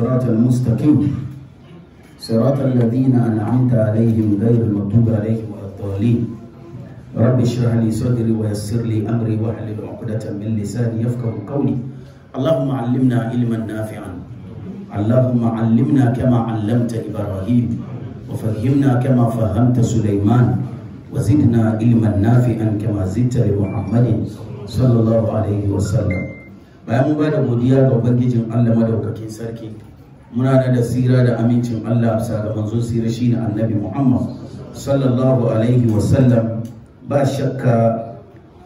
الصراط المستقيم صراط الذين أنعمت عليهم غير المغضوب عليهم ولا الضالين رب اشرح لي صدري ويسر لي أمري واحلل عقدة من لساني يفقه قولي اللهم علمنا علما نافعا اللهم علمنا كما علمت إبراهيم وفهمنا كما فهمت سليمان وزدنا علما نافعا كما زدت لمحمد صلى الله عليه وسلم bayan mu ba da godiya ga ubangijin Allah madaukakin sarki muna da da sira da amincin Allah bisa ga manzon sira shine annabi Muhammad sallallahu alaihi wasallam ba shakka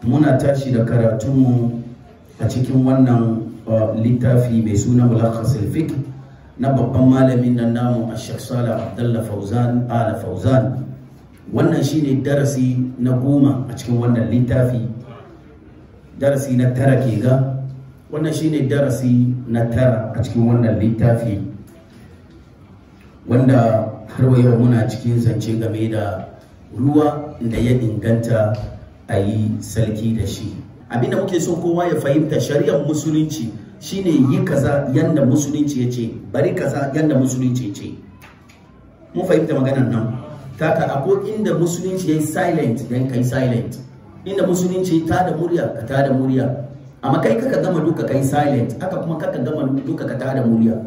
muna tashi da karatunmu a cikin wannan uh, littafi mai suna mulakas fiqh na babban malamin nan namu a shaksala abdullah fauzan ala fauzan wannan shine darasi na goma a cikin wannan littafi darasi na tara ke ga wannan shine darasi na tara a cikin wannan littafi wanda har wa yau muna cikin zance game da ruwa da ya inganta a yi sarki da shi abin da muke so kowa ya fahimta shari'ar musulunci shine yi kaza yanda musulunci ya ce bari kaza yanda musulunci ya ce mun fahimta maganar nan taka ko inda musulunci ya yi silent don kai silent inda musulunci ta da murya ka ta da murya amma kai kaka gama duka kai silent haka kuma kaka gama duka ka ta da murya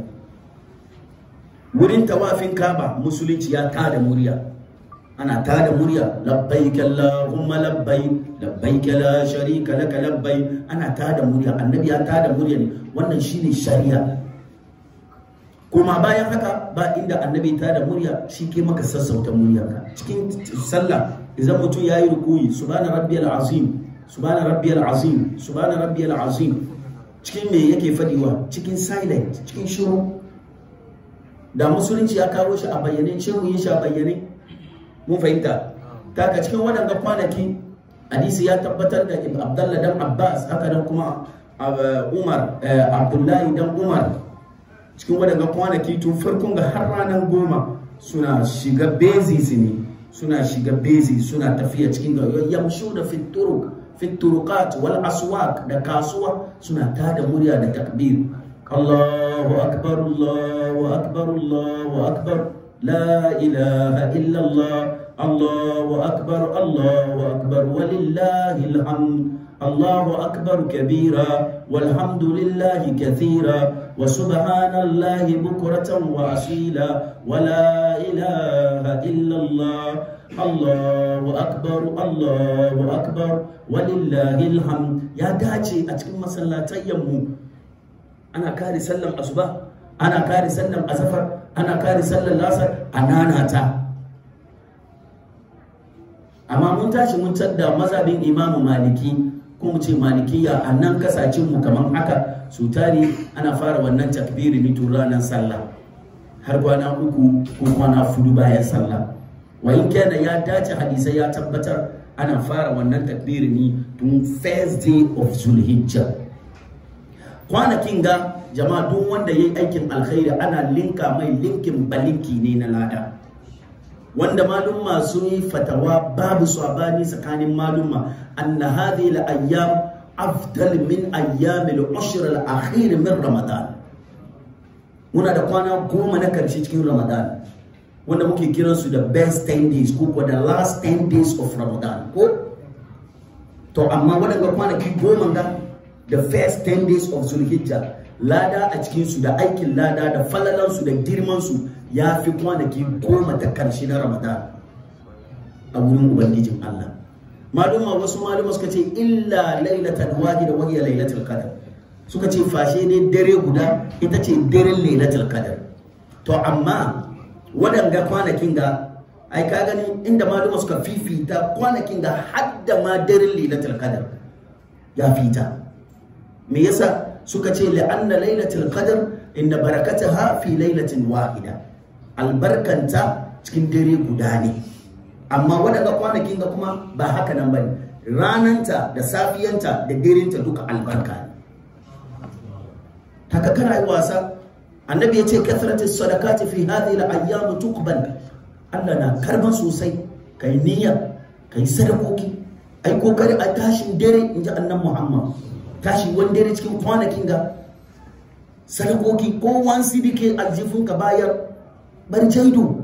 wurin tawafin kaba musulunci ya tada murya ana tada murya labbaik allahumma labbaik labbaik la sharika lak labbaik ana tada murya annabi ya tada murya ne wannan shine shari'a kuma bayan haka ba inda annabi ta da murya shi ke maka sassauta muryarka cikin sallah idan mutum ya yi rukuyi subhana rabbiyal azim subhana rabbiyal azim subhana rabbiyal azim cikin me yake fadiwa cikin silent cikin shiru da musulunci ya kawo shi a bayyane ce mu yi shi a bayyane mun fahimta ka cikin waɗanda kwanaki hadisi ya tabbatar da ibn abdallah dan abbas haka nan kuma uh, umar uh, abdullahi dan umar cikin waɗanda kwanaki tun farkon ga har ranar goma suna shiga bezi ne suna shiga bezi suna tafiya cikin ga yamshu da fituruk fiturukat wal aswak da kasuwa suna tada murya da takbir الله أكبر الله أكبر الله أكبر لا إله إلا الله الله أكبر الله أكبر ولله الحمد الله أكبر كبيرا والحمد لله كثيرا وسبحان الله بكرة وأصيلا ولا إله إلا الله الله أكبر الله أكبر ولله الحمد يا داجي أتكلم مسلاتي يمو ana kare sallar asuba ana kare sallar azafar ana kare sallar lasar a nanata amma mun tashi mun tadda mazabin imamu maliki ko mu ce malikiya a nan kasashen mu kamar haka su tari ana fara wannan takbiri mitu ranar sallah har kwana uku ko kwana fudu bayan sallah wa in ya dace hadisai ya tabbatar ana fara wannan takbiri ne tun first day of zulhijja kwanakin ga jama'a duk wanda ya yi aikin alkhairi ana linka mai linkin balinki ne na lada wanda malumma sun yi fatawa babu sabani tsakanin malumma anna hadhihi la ayyam afdal min ayyam al-ashr al-akhir min ramadan muna da kwana goma na karshe cikin ramadan wanda muke kiran su da best 10 days ko the last 10 days of ramadan ko to amma waɗanda kwanaki goma ga the first 10 days of Zulhijja lada a cikin su da aikin lada da falalansu da girman su ya fi kwanaki goma ta karshe na Ramadan a wurin Ubangijin Allah. Maluma wasu maluma suka ce illa lailatul wahida wa hiya lailatul qadar Suka ce fashe ne dare guda ita ce daren lailatul qadar To amma waɗanga kwanakin da ai ka gani inda maluma suka fifita kwanakin da hadda ma daren lailatul qadar ya fita. me yasa suka ce la'anna lailatul qadr inda barakataha fi lailatin wahida albarkanta cikin dare guda ne amma waɗanda kwanakin ga kuma ba haka nan bane rananta da safiyanta da darenta duka albarka ne haka kana yi wasa annabi ya ce kathratu sadaqati fi hadhihi al-ayyam tuqbal Allah na karban sosai kai niyya kai sadakoki ai kokari a tashin dare inji annabi Muhammad tashi wanda ne cikin kwanakin ga sadakoki ko wansi bi ke aljifin ka bayar barcaido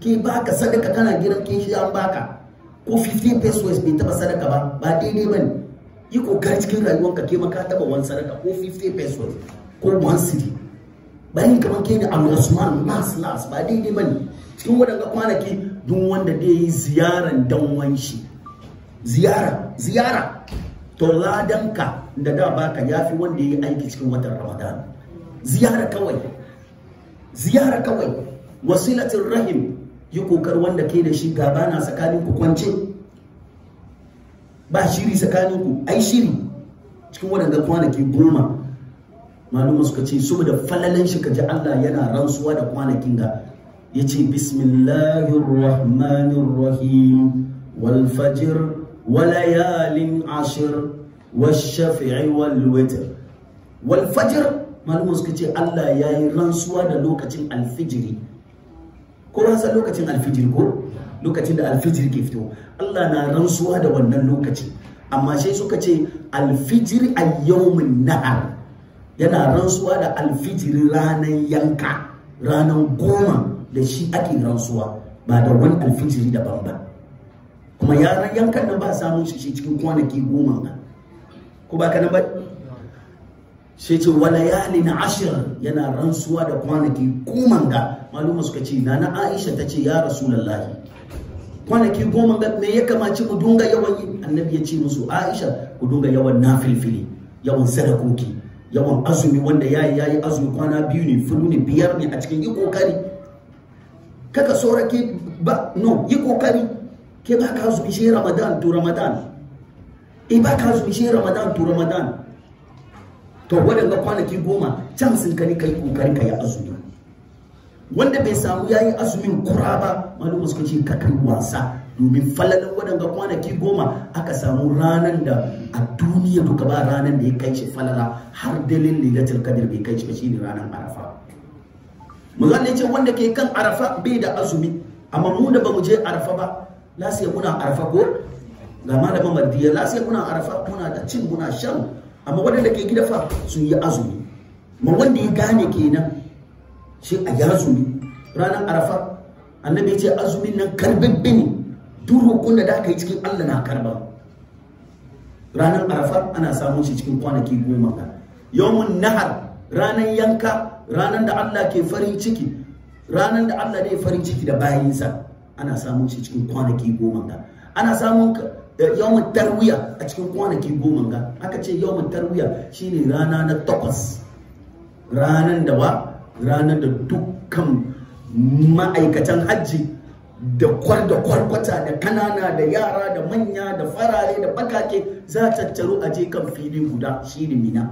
ke baka sadaka kana gidan ke shi an baka ko 15 pesos bai taba sadaka ba ba daidai bane yi kokari cikin ka ke maka taba wani sadaka ko 15 pesos ko 1 city bayan kamar ke da Abdulrahman las las ba daidai bane cikin waɗanda kwanaki duk wanda dai yi ziyaran dan wanshi ziyara ziyara to ladanka da da baka fi wanda ya yi aiki cikin watan ramadan ziyara kawai ziyara kawai wasilatin rahim yi kokar wanda ke da shi gaba na tsakanin ku ba shiri tsakanin ku ai shiri cikin waɗanda kwanaki goma malumma suka ce su da shi shi ji Allah yana rantsuwa da kwanakin ga ya ce bismillahirrahmanirrahim wal وليال عشر والشفع والوتر والفجر malamin suka ce Allah ya yi rantsuwa da lokacin alfijiri ko san lokacin alfijiri ko lokacin da alfijiri ke fito Allah na rantsuwa da wannan lokacin amma sai suka ce alfijiri a yawmin nahar yana rantsuwa da alfijiri ranar yanka ranar goma da shi ake rantsuwa ba da wani alfijiri daban ba kuma yaran yankan nan ba samun shi shi cikin kwanaki goma ba ko ba kana ba shi ce wala yali na ashir yana rantsuwa da kwanaki goma ga maluma suka ce na na aisha ta ce ya lallahi. kwanaki goma ga me ya kamace mu dunga yawan yi annabi ya ce musu aisha ku dunga yawan nafilfili yawan sadakoki yawan azumi wanda yayi yayi azumi kwana biyu ne fulu ne biyar ne a cikin yi kokari kaka sauraki ba no yi kokari ke ba ka azumi shi ramadan to ramadan e ba ka azumi shi ramadan to ramadan to waɗanda kwanaki goma can sun kani kai kokari ka yi azumi wanda bai samu ya yi azumin kura ba malum suka ce ka kai wasa domin falalin waɗanda kwanaki goma aka samu ranar da a duniya duka ba ranar da ya kai shi falala har dalilin lilatul kadir bai kai shi ba ne ranar arafa mu ce wanda ke kan arafa bai da azumi amma mu da mu je arafa ba lasiya kuna arfa ko ga malamin mardiya lasiya kuna arfa kuna da cin kuna shan amma waɗanda ke gida fa sun yi azumi ma wanda ya gane kenan shi a yi azumi ranar arfa annabi ya ce azumin nan karbibbi ne duk rukun da aka yi cikin allah na karba ranar arfa ana samun shi cikin kwanaki goma yawon nahar ranar yanka ranar da allah ke farin ciki ranar da allah ne farin ciki da bayinsa ana samun shi cikin kwanaki goma ga ana samun eh, yawon tarwiya a cikin kwanaki goma ga aka ce yawon tarwiya shine rana na takwas ranar da wa ranar da dukkan ma'aikatan hajji da kwar da kwarkwata da kanana da yara da manya da farare da bakake za a tattaru a je kan fili guda shine mina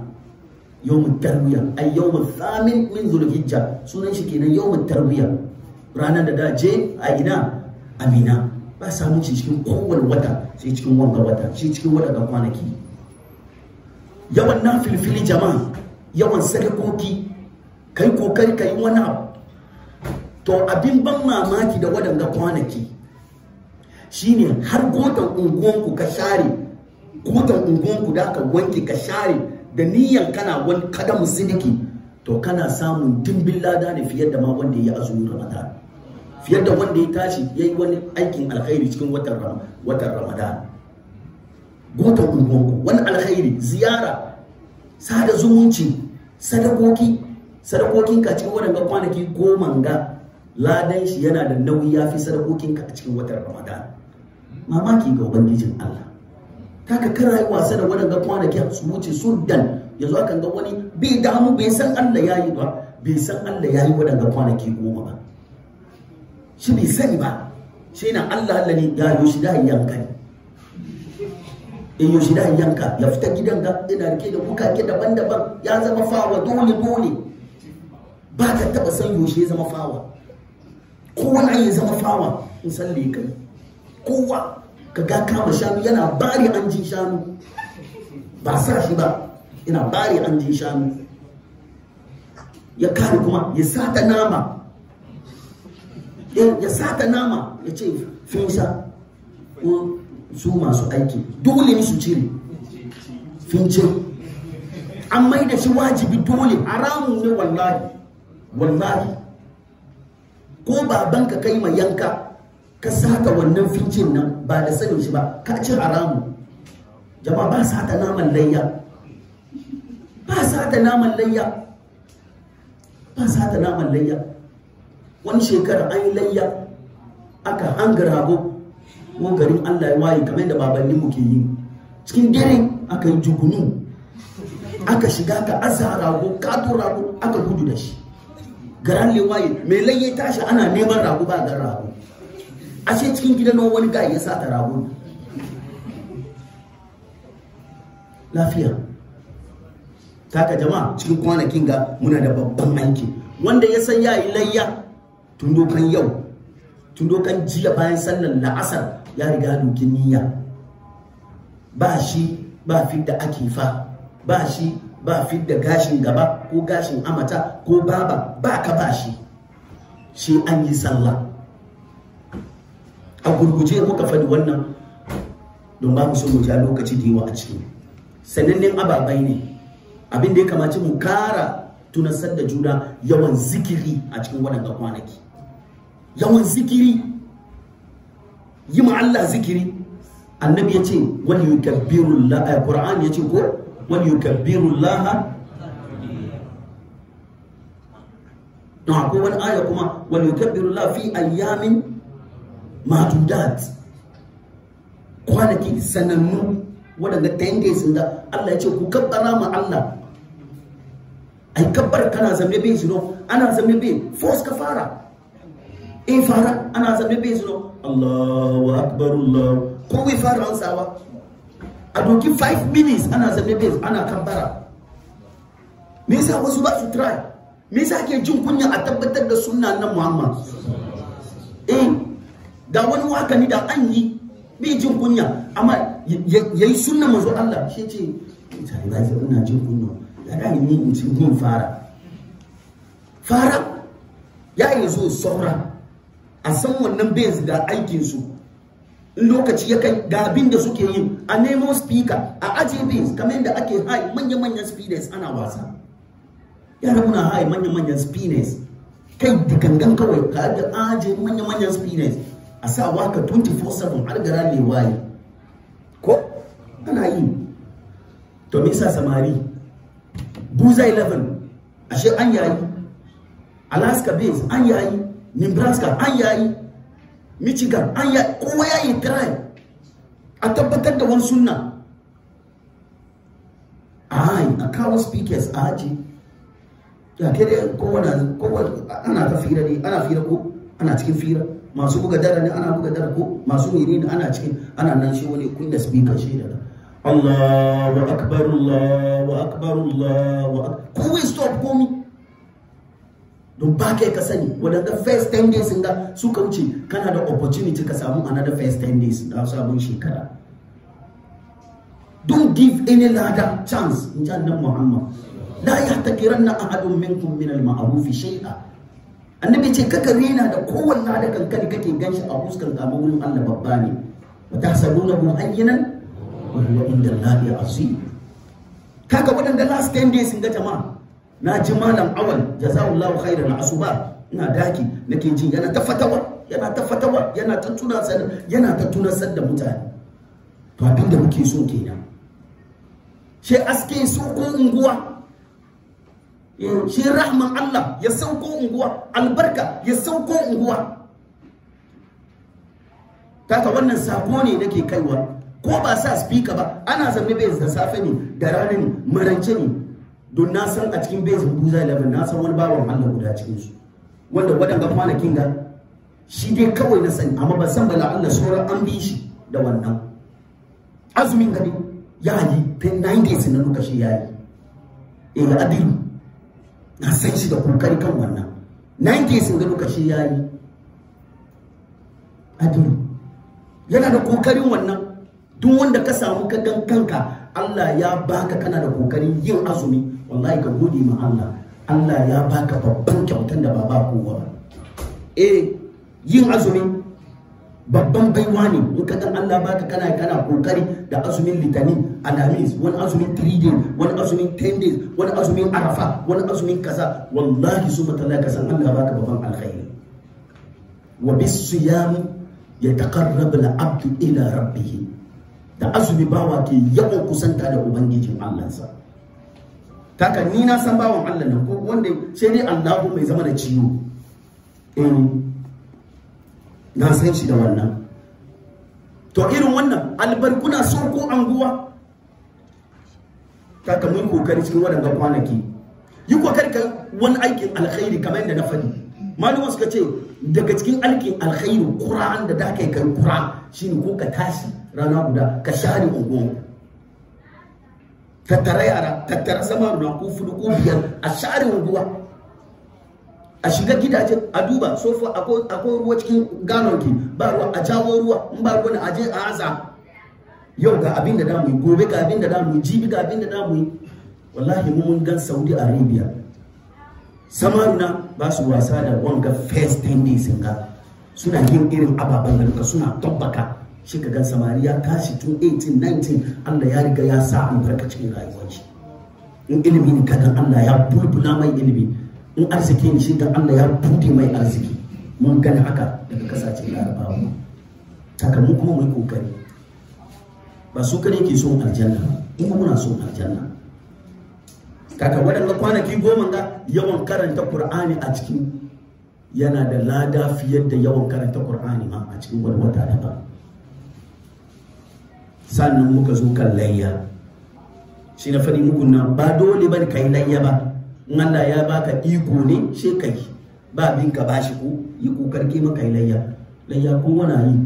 yawon tarwiya ai yawon thamin min zulhijja sunan shi kenan yawon tarwiya ranar da da je a ina amina ba samu ci cikin kowane wata sai cikin wanga wata sai cikin waɗanda kwanaki yawan na filfili jama'a yawan sadakoki kai kokari kai wani abu to abin ban mamaki da waɗanda kwanaki shine har gotan unguwanku ka share gotan unguwanku da aka wanke ka share da niyan kana wani kada musuliki to kana samun dimbin lada ne fiye da ma wanda ya azumin ramadan fiye da wanda ya tashi ya yi wani aikin alkhairi cikin watan ramadan gota gulmanku wani alkhairi ziyara sada zumunci sadakoki sadakokin ka cikin waɗanda kwanaki goma ga ladan shi yana da nauyi ya fi sadakokin ka a cikin watan ramadan mamaki ga ubangijin allah kara yi wasa sada waɗanda kwanaki su wuce sudan. yanzu akan ga wani bai damu bai san allah ya yi ba bai san allah ya yi kwanaki goma ba shi bai sani ba shi na Allah Allah ne da yoshi da yanka ne in eh, yoshi da yanka ya fita gidanka ina rike da ke daban-daban ya zama fawa dole dole ba ta taba san yoshi ya zama fawa kowa ya zama fawa in ya kai kowa ka ga kama shanu yana bari an ji shanu ba sa shi ba yana bari an ji shanu ya kare kuma ya sata nama ya sata nama ya ce fin sha ko su masu aiki dole su cire fince an mai da shi wajibi dole haramu ne wallahi wallahi ko babanka kai mai yanka ka sata wannan fincin nan ba da sanin shi ba ka ci haramu jama'a ba sata naman layya ba sata naman layya ba sata naman layya wani shekara an yi layya aka hanga rago ko garin Allah ya waye kamar da babanni muke yi cikin dare aka yi jugunu aka shiga ka asa rago kato rago aka gudu da shi garan lewaye mai layye tashi ana neman rago ba garin rago ce cikin gidan wani ga ya sata rago lafiya taka jama'a cikin kwanakin ga muna da babban aiki wanda ya san ya layya tun dokan yau tun dokan jiya bayan sallar la'asar ya riga dokin niyya ba shi ba fidda akifa ba shi ba fidda gashin gaba ko gashin amata ko baba ba ka ba shi shi an yi sallah a gurguje muka faɗi wannan don ba mu so mu ja lokaci da yawa a ciki sanannen ababai ne abin da ya kamata mu kara tunasar da juna yawan zikiri a cikin waɗanda kwanaki yawan zikiri yi ma Allah zikiri annabi ya ce wani yukabbiru laha ƙura'an eh, ya ce ko wani yukabbiru laha na akwai wani aya kuma wani yukabbiru laha fi ayyamin madudat kwanaki sanannu waɗanda ta yanke sun da Allah ya ce ku kabbara ma Allah ai kabbar kana zamne bai zino ana zamne bai force ka fara in fara ana zaɓe bai zuwa allahu akbar allahu ko bai fara rantsawa a doki 5 minutes ana zaɓe bai ana kan bara me yasa wasu ba su try me yasa ke jin kunya a tabbatar da sunna nan muhammad eh da wani waka ni da an yi bi jin kunya amma yayi sunna manzo Allah shi ce sai ba sai ina jin kunya da dai ni in ci gun fara fara ya yi zo saura a san wannan base da aikin su lokaci ya kai ga abin da suke yi a nemo speaker a aje base kamar yadda ake hai manya-manyan speakers ana wasa yara muna hai manya-manyan speakers kai da gangan kawai ka da aje manya-manyan speakers a sa waka 24/7 har gara ne waye ko ana yi to me yasa samari buza 11 ashe an yayi alaska base an yayi nebraska an yayi michigan an yayi kowa ya yi try a tabbatar da wani sunna ai a kawo speakers a aji ya ke da kowane kowane ana ta fira ne ana fira ko ana cikin fira masu buga dara ne ana buga dara ko masu mene ne ana cikin ana nan shi wani kunna speaker shi da Allahu akbar Allahu akbar Allahu akbar kowa stop komi don ba kai ka sani wadanda first 10 days ga suka wuce kana da opportunity ka samu another first 10 days da sabon shekara don't give any lada chance in ji annabi muhammad la na ahadun minkum min al-ma'ruf shay'a annabi ce kaka rena da kowanne ladar kankani kake ganshi a fuskar gaba wurin Allah babba ne wa tahsabunahu hayyinan wa huwa inda Allah azim kaka wadanda last 10 days ga jama'a na ji malam awal jazawullahu khairan asuba ina daki nake jin yana ta fatawa yana ta fatawa yana ta tunasar yana ta tunasar da mutane to abin da muke so kenan shi aske sauko unguwa eh, shi rahman Allah ya sauko unguwa albarka ya sauko unguwa kaka wannan sako ne nake kaiwa ko ba sa speaker ba ana zanne bai da safe ne da rana ne marance ne don na san a cikin bezin buza 11 na san wani bawan Allah guda cikin su wanda waɗanga kwanakin ga shi dai kawai na sani amma ba san bala Allah sauran an bi shi da wannan azumin gani ya yi ta 90 na lokaci ya yi eh ga adilu na san shi da kokari kan wannan 90 na lokaci ya yi adilu yana da kokarin wannan duk wanda ka samu ka gan kanka Allah ya baka kana da kokarin yin azumi wallahi ka gode ma Allah Allah ya baka babban kyautan da baba kowa eh yin azumi babban baiwa ne in ka dan Allah baka kana kana kokari da azumin litani alhamis wani azumin 3 days wani azumin 10 days wani azumin arafa wani azumin kaza wallahi su matala ka san Allah baka babban alkhairi wa bisiyam yataqarrabu al-abdu ila rabbih da azumi bawa ke yawan kusanta da ubangijin Allah sa taka ni na san bawan Allah nan ko wanda sai dai Allahu mai zama da ciwo eh na san shi da wannan to irin wannan albarkuna so ko anguwa taka mun kokari cikin waɗannan kwanaki yi kokari ka wani aikin alkhairi kamar yadda na faɗi malama suka ce daga cikin aikin alkhairi Qur'an da da kai kai Qur'an shine ko ka tashi rana guda ka share unguwanku ka tara yara ka tara sama da ku fudu ku biyar a share unguwa a shiga gidaje a duba fa akwai ruwa cikin ganonki ba ruwa a jawo ruwa in ba ruwa a je a haza yau ga abin da damu mu gobe ga abin da damu yi jibi ga abin da damu mu wallahi mun gan saudi arabia samaruna ba su wasa da wanga first 10 days ga suna yin irin ababen da suna tabbaka shi ka gan samari ya tashi tun 1819. 19 Allah ya riga ya sa farka cikin rayuwar shi in ilimi ne kaga Allah ya bulbula mai ilimi in arziki ne shi ka Allah ya bude mai arziki mun gani haka daga kasace larabawa arabawa. kuma mu mai kokari ba su kare ke son aljanna in muna son aljanna kaka waɗanda kwanaki goma ga yawan karanta qur'ani a cikin yana da lada fiye da yawan karanta qur'ani ma a cikin wani wata da ba. sannan muka zo kan layya shi na faɗi muku nan ba dole ba ka yi layya ba in Allah ya baka iko ne shi ka yi ba bin ka bashi ko yi kokar maka yi layya layya ko wani yi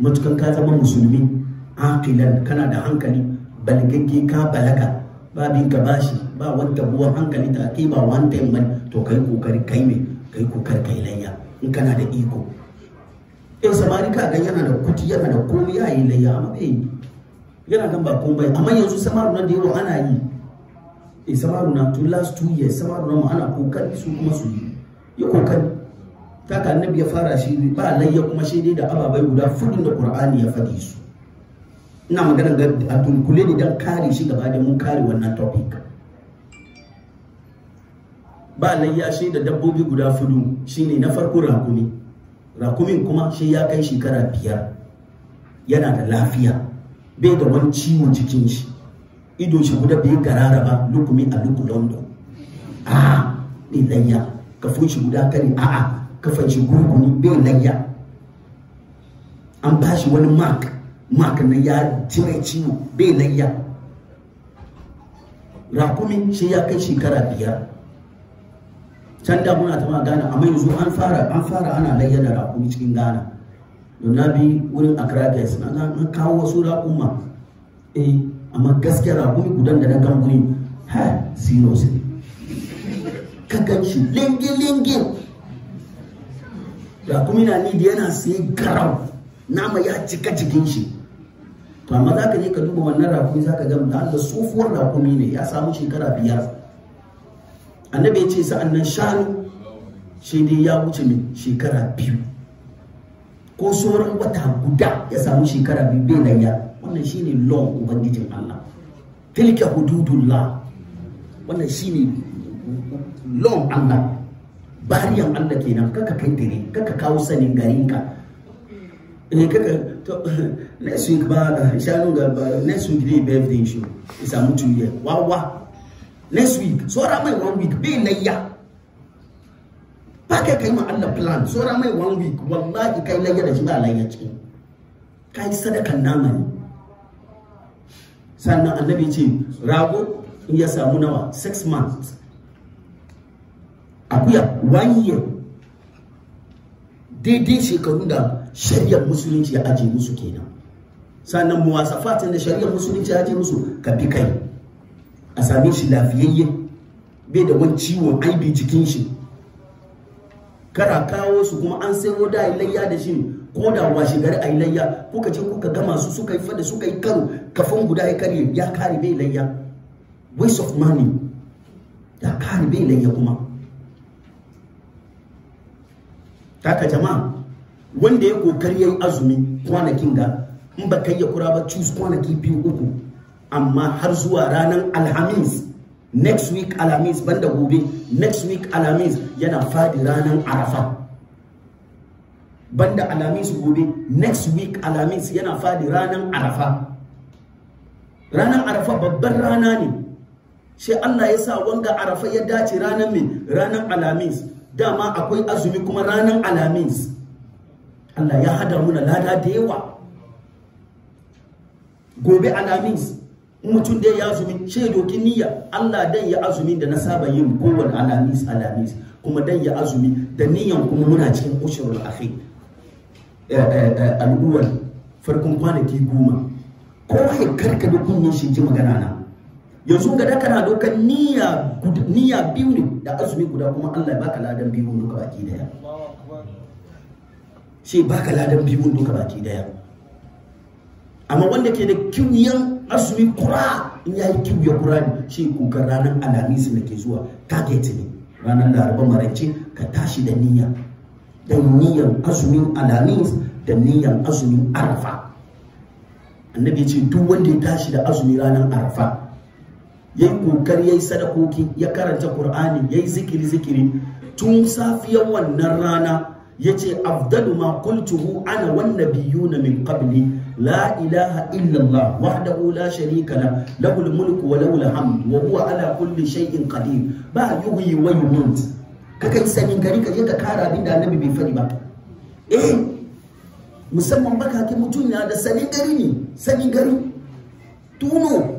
matukan ka zama musulmi aqilan kana da hankali balgagge ka balaka ba bin ka bashi ba wanda buwan hankali ta ke ba wanda yamma to kai kokari kai me kai kokari kai layya in kana da iko yau samari ka gan yana da kuti yana da komi ya yi layya amma bai yi yana kan ba komai amma yanzu samaru na da yawa ana yi eh samaru na tun last two years samaru na mu ana kokari su kuma su yi ya kokari kaka annabi ya fara shi ba layya kuma shi dai da ababai guda fudin da qur'ani ya faɗi su ina magana ga a tunkule ne don kare shi gaba da mun kare wannan topic ba layya shi da dabbobi guda fudu shine na farko rakumi rakumin kuma shi ya kai shekara biyar yana da lafiya bai da wani ciwon jikin shi ido shi guda bai garara ba lukumi a luku london a bai layya kafin shi guda kare a a kafan shi gurguni bai layya an bashi wani mark mark na ya cire ciwo bai layya rakumin shi ya kai shekara biyar can da muna tafiya Ghana amma yanzu an fara an fara ana layyana rakumi cikin gana don na bi wurin Accra guys na kawo wasu raƙuma. eh amma gaskiya rakumi gudan da na gan guri ha zero Ka kakan shi lingin lingin rakumi na ni da yana sai garau nama ya cika jikin shi to amma za ka je ka duba wannan rakumi za ka ga da tsofuwar rakumi ne ya samu shekara biyar annabi ya ce sa'an nan shanu shi dai ya wuce mai shekara biyu ko sauran wata guda ya samu shekara biyu bai layya wannan shine lon ubangijin Allah tilka hududullah wannan shine lon Allah bariyan Allah kenan kaka kai dare, kaka kawo sanin gari ka ne eh, kaka to next week ba shanu ga ba next week ne birthday shi ya samu tuye wawa next week saura mai one week bai layya ba kai kai ma Allah plan saura mai one week wallahi kai layya da shi ba layya cikin kai sadakan nama ne sannan annabi ce rago in ya samu nawa six months akuya one year daidai shekarun da shari'ar musulunci ya aje musu kenan sannan muwasafatin da shari'ar musulunci ya aje musu ka bi kai a same shi lafiyayye bai da wani ciwon aibi jikin shi kara kawo su kuma an sayo da layya da shi ko da washe gari a layya kuka ce kuka gama su suka yi fada suka yi karo kafin guda ya karye ya kare bai layya waste of money ya kare bai layya kuma kaka jama'a wanda ya kokari ya yi azumi kwanakin ga in ba kai ya kura ba choose kwanaki biyu uku amma har zuwa ranar alhamis next week alhamis banda gobe next week alhamis yana fadi ranar arafa banda alhamis gobe next week alhamis yana fadi ranar arafa ranar arafa babban rana ne shi Allah ya sa wanga arafa ya dace ranar mai ranar alhamis dama akwai azumi kuma ranar alhamis Allah ya hada muna lada da yawa gobe alhamis. mutum dai ya azumi ce doki niyya Allah dan ya azumi da na saba yin kowane alamis alamis kuma dan ya azumi da niyyan kuma muna cikin ushurul akhir eh, eh, eh, al'uwar farkon kwanaki goma ko haikar ka da kunnin shi ji magana na yanzu ga da kana dokar niyya niyya biyu ne da azumi guda kuma Allah ya baka ladan biyu duka baki daya shi baka ladan biyu duka baki daya amma wanda ke da kiyan asumi kura in ya yi kyau ya kura ne shi ranar alhamis da ke zuwa target ne ranar laraba maraice ka tashi da niyya da niyan azumin alhamis da niyyar azumin arafa annabi ce duk wanda ya tashi da azumi ranar arafa ya yi kokar ya yi sadakoki ya karanta Kur'ani. ya yi zikiri zikiri tun safiyar wannan rana ya ce afdalu ma kultuhu ana biyu na min qabli لا إله إلا الله وحده لا شريك له له الملك وله الحمد وهو على كل شيء قدير با يغي ويموت kakan sanin gari ka je ka kara abin da annabi bai faɗi ba eh musamman baka ke mutum ya da sanin gari ne sanin gari tuno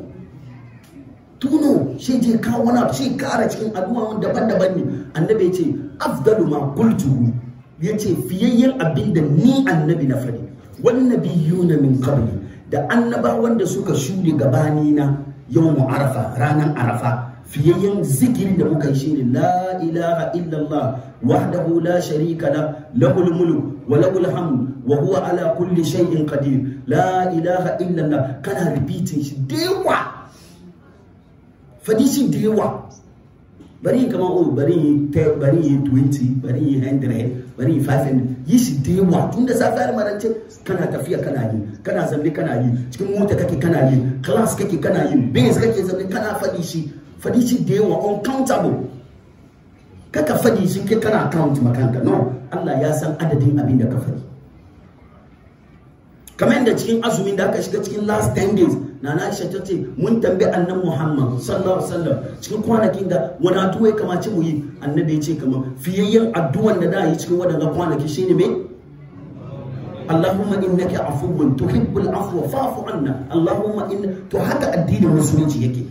tuno shi je ka wani shi kara cikin addu'a daban-daban ne annabi ya ce afdalu ma fiyayyen abin da ni annabi na faɗi wannabiyuna min qabli da annabawan da suka shuɗe gabani na yawmu arafa ranan arafa fiyayyen zikirin da muka yi shine la ilaha illallah wahdahu la sharika la lahul mulk wa lahul hamd wa huwa ala kulli shay'in qadir la ilaha illallah kana repeating shi da yawa fadishin da yawa bari kamar oh bari bari 20 bari 100 bari yi fasin yi shi da yawa tun da safe almarance kana tafiya kana yi kana zanne kana yi cikin mota kake kana yi class kake kana yi base kake zanne kana fadi shi fadi shi da yawa uncountable kaka fadi shi ke kana count makanka no Allah ya san adadin abin da ka fadi kamar yadda cikin azumin da aka shiga cikin last 10 days nana ta ce mun tambayi annabi Muhammad sallallahu alaihi wasallam cikin kwanakin da wani addu'a ya kamace mu yi annabi ya ce kamar fiyayyen addu'an da da yi cikin wadannan kwanaki shine ne اللهم انك عفو تحب العفو فاعف عنا اللهم ان to haka addinin musulunci yake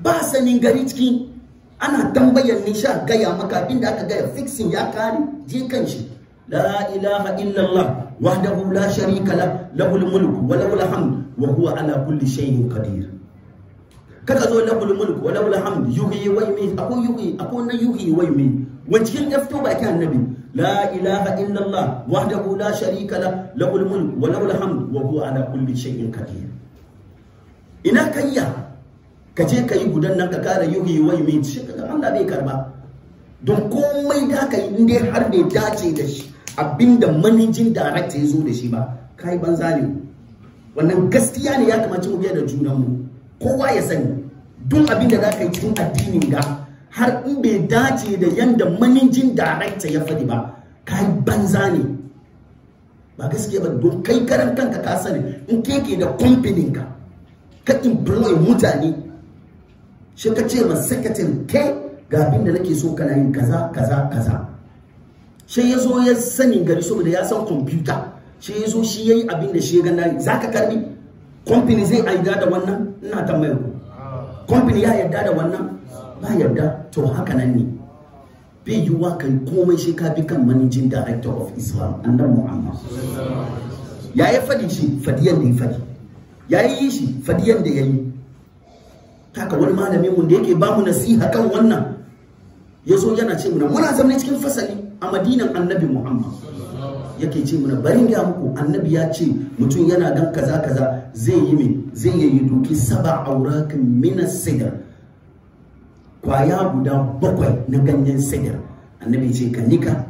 ba sanin gari cikin ana tambayar ni sha gaya maka da aka gaya fiksin ya kare je kan shi la ilaha illallah وحده لا شريك له له الملك وله الحمد وهو على كل شيء قدير kaka zo lahul mulk wa lahul hamd yuhyi wa yumiit akon yuhyi ako na yuhyi wa yumiit wancin ya fito baki annabi la ilaha illa allah wahdahu la sharika la lahul mulk wa lahul hamd wa huwa ala kulli shay'in qadir ina kayya ka je ka yi gudan nan ka kara yuhyi wa yumiit shi kaga Allah bai karba don komai da ka yi har bai dace da shi abinda managing director ya zo da shi ba kai banza ne wannan gaskiya ne ya kamace mu biya da junan mu kowa ya sani duk abinda za ka yi cikin addinin ga har in bai dace da yanda managing director ya faɗi ba kai banza ne ba gaskiya ba don kai karan kanka ka sani in keke da kamfanin ka ka employ mutane shi ka ce ma secretary kai ga abin da nake so kana yin kaza kaza kaza shi ya zo ya sani gari saboda ya san kwamfuta shi ya zo shi ya yi abin da shi ya gana za ka karbi Kwamfini zai aida da wannan ina tambayar ku Kwamfini ya yarda da wannan ba yarda to haka nan ne bai yiwuwa kai komai shi ka bi kan managing director of islam annan muhammad ya yi fadi shi fadiyan da ya fadi ya yi shi fadiyan da ya yi haka wani malamin mu da yake ba mu nasiha kan wannan ya zo yana ce muna muna zama cikin fasali a madinan annabi muhammad yake ce mana barin ya muku annabi ya ce mutum yana dan kaza kaza zai yi mai zai yi doki saba auren minas sigar kwaya guda bakwai na ganyen sigar annabi ce ka nika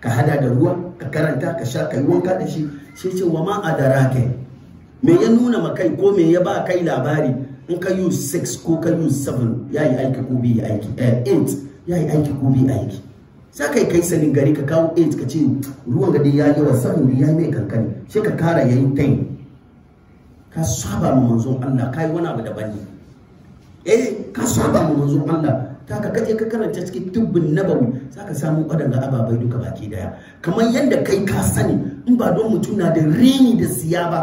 ka hada da ruwa ka karanta ka sha ka yi wanka da shi shi ce wa ma adara kai me ya nuna makai ko me ya ba kai labari in ka use 6 ko ka use 7 ya yi aiki ko bi aiki 8 eh, ya yi aiki ko bi aiki sai kai kai sanin gari ka kawo aids ka ce ruwan gadi ya yi wa saboda ya yi mai kankani sai ka kara yayin tain ka saba mu manzon Allah kai wani abu daban ne eh ka saba mu manzon Allah ta ka kaje ka karanta cikin tubbin nabawi za ka samu waɗanda ababai duka baki daya kamar yadda kai ka sani in ba don mutum na da rini da siya ba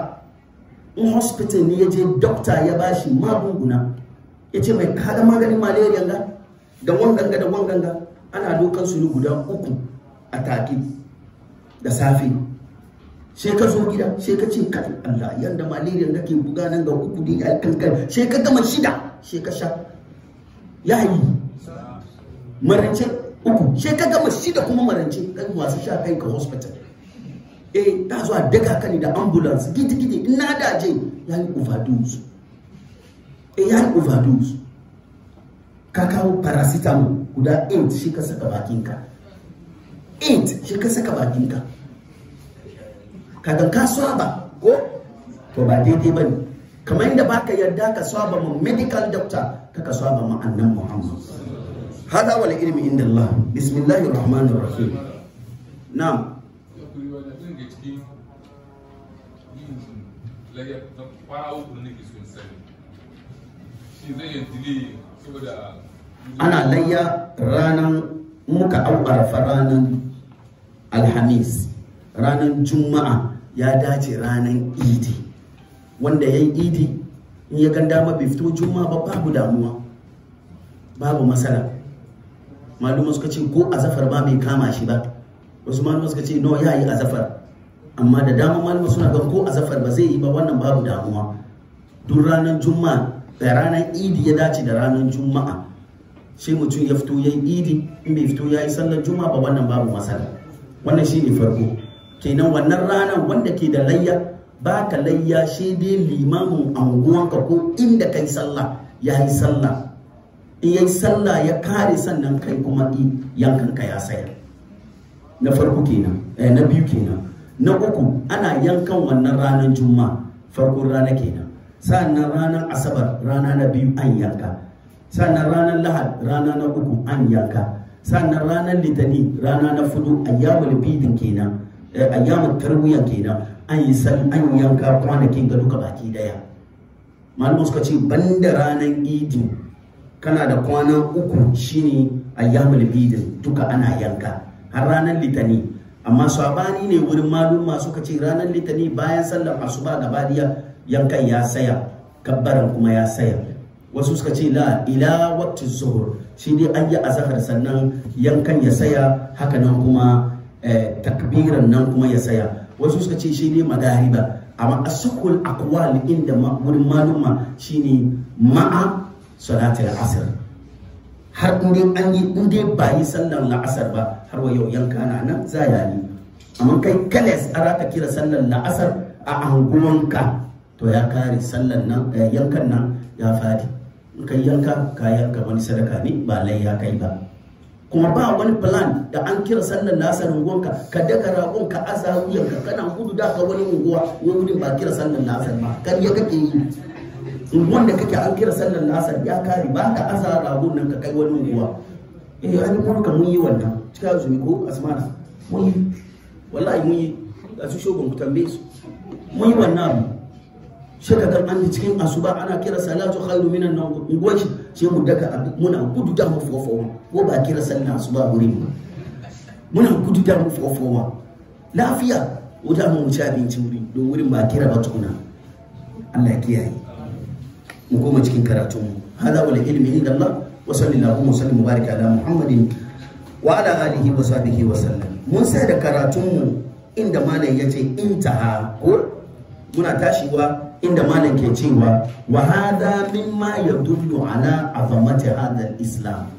in hospital ne ya je dokta ya bashi magunguna ya ce mai kada maganin malaria ga da wanganga da wanganga ana dokan su guda uku a take da safe sai ka zo gida sai ka ce kan Allah yanda malaria nake buga nan ga uku din kankan sai ka gama shida sai ka sha yayi marance uku sai ka gama shida kuma marance kan wasu sha kai ka hospital eh ta zo a daga kani da ambulance gidi gidi ina da je yayi overdose eh yayi overdose ka kawo paracetamol guda 8 shi ka saka bakinka 8 shi ka saka bakinka kaga ka saba ko to ba daidai bane kamar yadda baka yarda ka saba ma medical doctor ka ka saba ma annan muhammad hada wal ilmi inda allah bismillahir rahmanir rahim na'am kwara uku nake so sani shi zai yi ana layya ranar muka aukarfa ranar alhamis ranar juma'a ya dace ranar idi wanda ya yi idi in ya kan dama bai fito juma'a ba babu damuwa babu matsala malumar suka ce ko azafar ba mai kama shi ba wasu malumar suka ce no ya yi azafar amma da dama malumar suna ga ko azafar ba zai yi ba wannan babu damuwa duk ranar juma'a da ranar idi ya dace da ranar juma'a sai mutum ya fito ya yi idi in bai fito ya yi sallar juma'a ba wannan babu masala wannan shi ne farko kenan wannan ranar wanda ke da layya ba ka layya shi dai limamin anguwanka ko inda kai sallah ya yi sallah in ya yi sallah ya kare sannan kai kuma yankanka ya saya. na farko kenan eh, na biyu kenan na uku ana yankan wannan ranar juma'a farkon rana kenan sannan ranar asabar rana na biyu an yanka sannan ranar lahad rana na uku an yanka sannan ranar litani rana na fudu yawon bidin kenan eh, yawon tarwiya kenan an yi san an yanka kwanakin ga duka baki daya malamu suka ce banda ranar idi kana da kwana uku shine yawon bidin duka ana yanka har ranar litani amma sabani ne wurin malum suka ce ranar litani bayan sallar asuba gabadiya yankan ya saya kabbaran kuma ya saya wasu suka ce la ila waqti zuhur shi dai an yi azhar sannan yankan ya saya haka nan kuma eh, takbiran nan kuma ya saya wasu suka ce shi dai magariba amma asukul akwal inda wurin maluma shine ma'a salatul asr har in an yi in dai ba yi sallar la'asar ba har wa yau yanka na nan za ya yi amma kai kales an ka kira sallar la'asar a anguwanka to ya kare sallan nan eh, yankan nan ya fadi in kai yanka ka yanka wani sadaka ne ba lai ya kai ba kuma ba wani plan da an kira sallan lasar unguwanka ka daga ragon ka asa wuyanka kana gudu da ka wani unguwa wani gudun ba kira sallan lasar ba kan ya kake yi unguwan da kake an kira sallan lasar ya kare ba ka asa ragon nan ka kai wani unguwa eh an kuma ka mun yi wannan cika zumi ko asmana mun yi wallahi mun yi a su shogun ku tambaye su mun yi wannan abu shaka dan cikin asuba ana kira salatu khairu minan nawm in gwashi sai mu daka muna gudu da mu fofowa ko ba kira sallah asuba wurin ba muna gudu da mu fofowa lafiya wuta mu ci abinci wurin don wurin ba kira ba tukuna Allah ya kiyaye mu koma cikin karatun mu hada wal ilmi inda Allah wa sallallahu wa sallam baraka ala muhammadin wa ala alihi wa sahbihi wa sallam mun sai da karatun mu inda malam yace intaha ko muna tashiwa inda malam ke cewa wa hada ya yadullu ala azamati hadha islam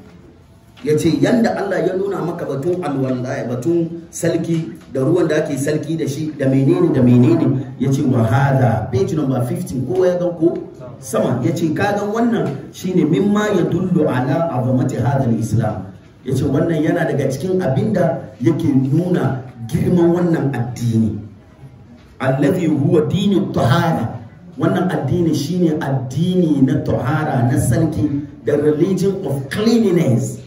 yace yanda Allah ya nuna maka batun alwallahi batun salki da ruwan da ake salki da shi da menene da menene yace wa hada page number 15 kowa ya ga ko sama yace kagan wannan shine mimma yadullu ala azamati hadha islam yace wannan yana daga cikin abinda yake nuna girman wannan addini allazi huwa dinu tahara wannan addini shine addini na tuhara na sarki the religion of cleanliness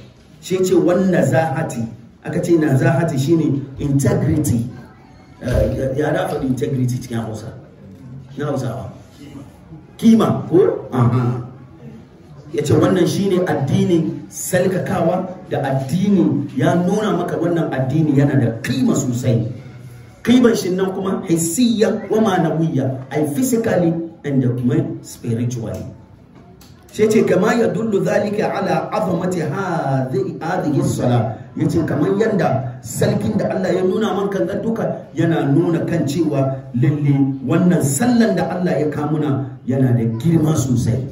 shi ce wanda zahati aka ce na zahati shine integrity eh, ya da faɗi integrity cikin hausa na hausawa kima ko ya ce wannan shine addini salkakawa da addini ya nuna maka wannan addini yana da kima sosai kiban shi nan kuma hissiya wa ma'anawiyya ai physically ɗin da kuma spiritually sai ce kama ya dullu zalika ala azamati hadhihi sala yace kamar yanda salkin da Allah ya nuna man kan duka yana nuna kan cewa lalle wannan sallan da Allah ya kamuna yana da girma sosai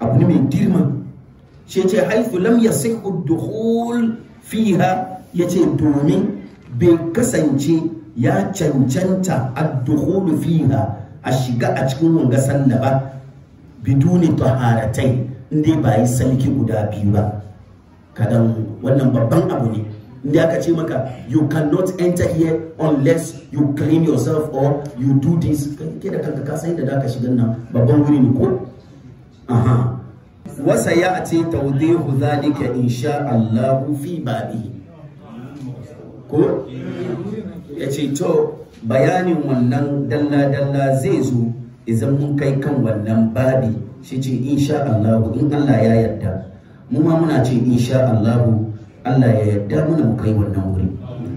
abu ne mai girma sai ce haifu lam yasihu dukhul fiha yace domin bai kasance ya cancanta ad-dukhul fiha a shiga a cikin wanga sanda ba biduni taharatai inda ba yi salki guda biyu ba kadan wannan babban abu ne inda aka ce maka you cannot enter here unless you clean yourself or you do this kai da kanka ka da zaka shiga nan babban wuri ne ko aha wasa ya a ce tawdihu zalika insha Allah fi babi ko yace to bayanin wannan dalla-dalla zai zo idan mun kai kan wannan babi shi ce insha Allah in Allah ya yarda mu ma muna ce insha Allah Allah ya yarda muna mu kai wannan wuri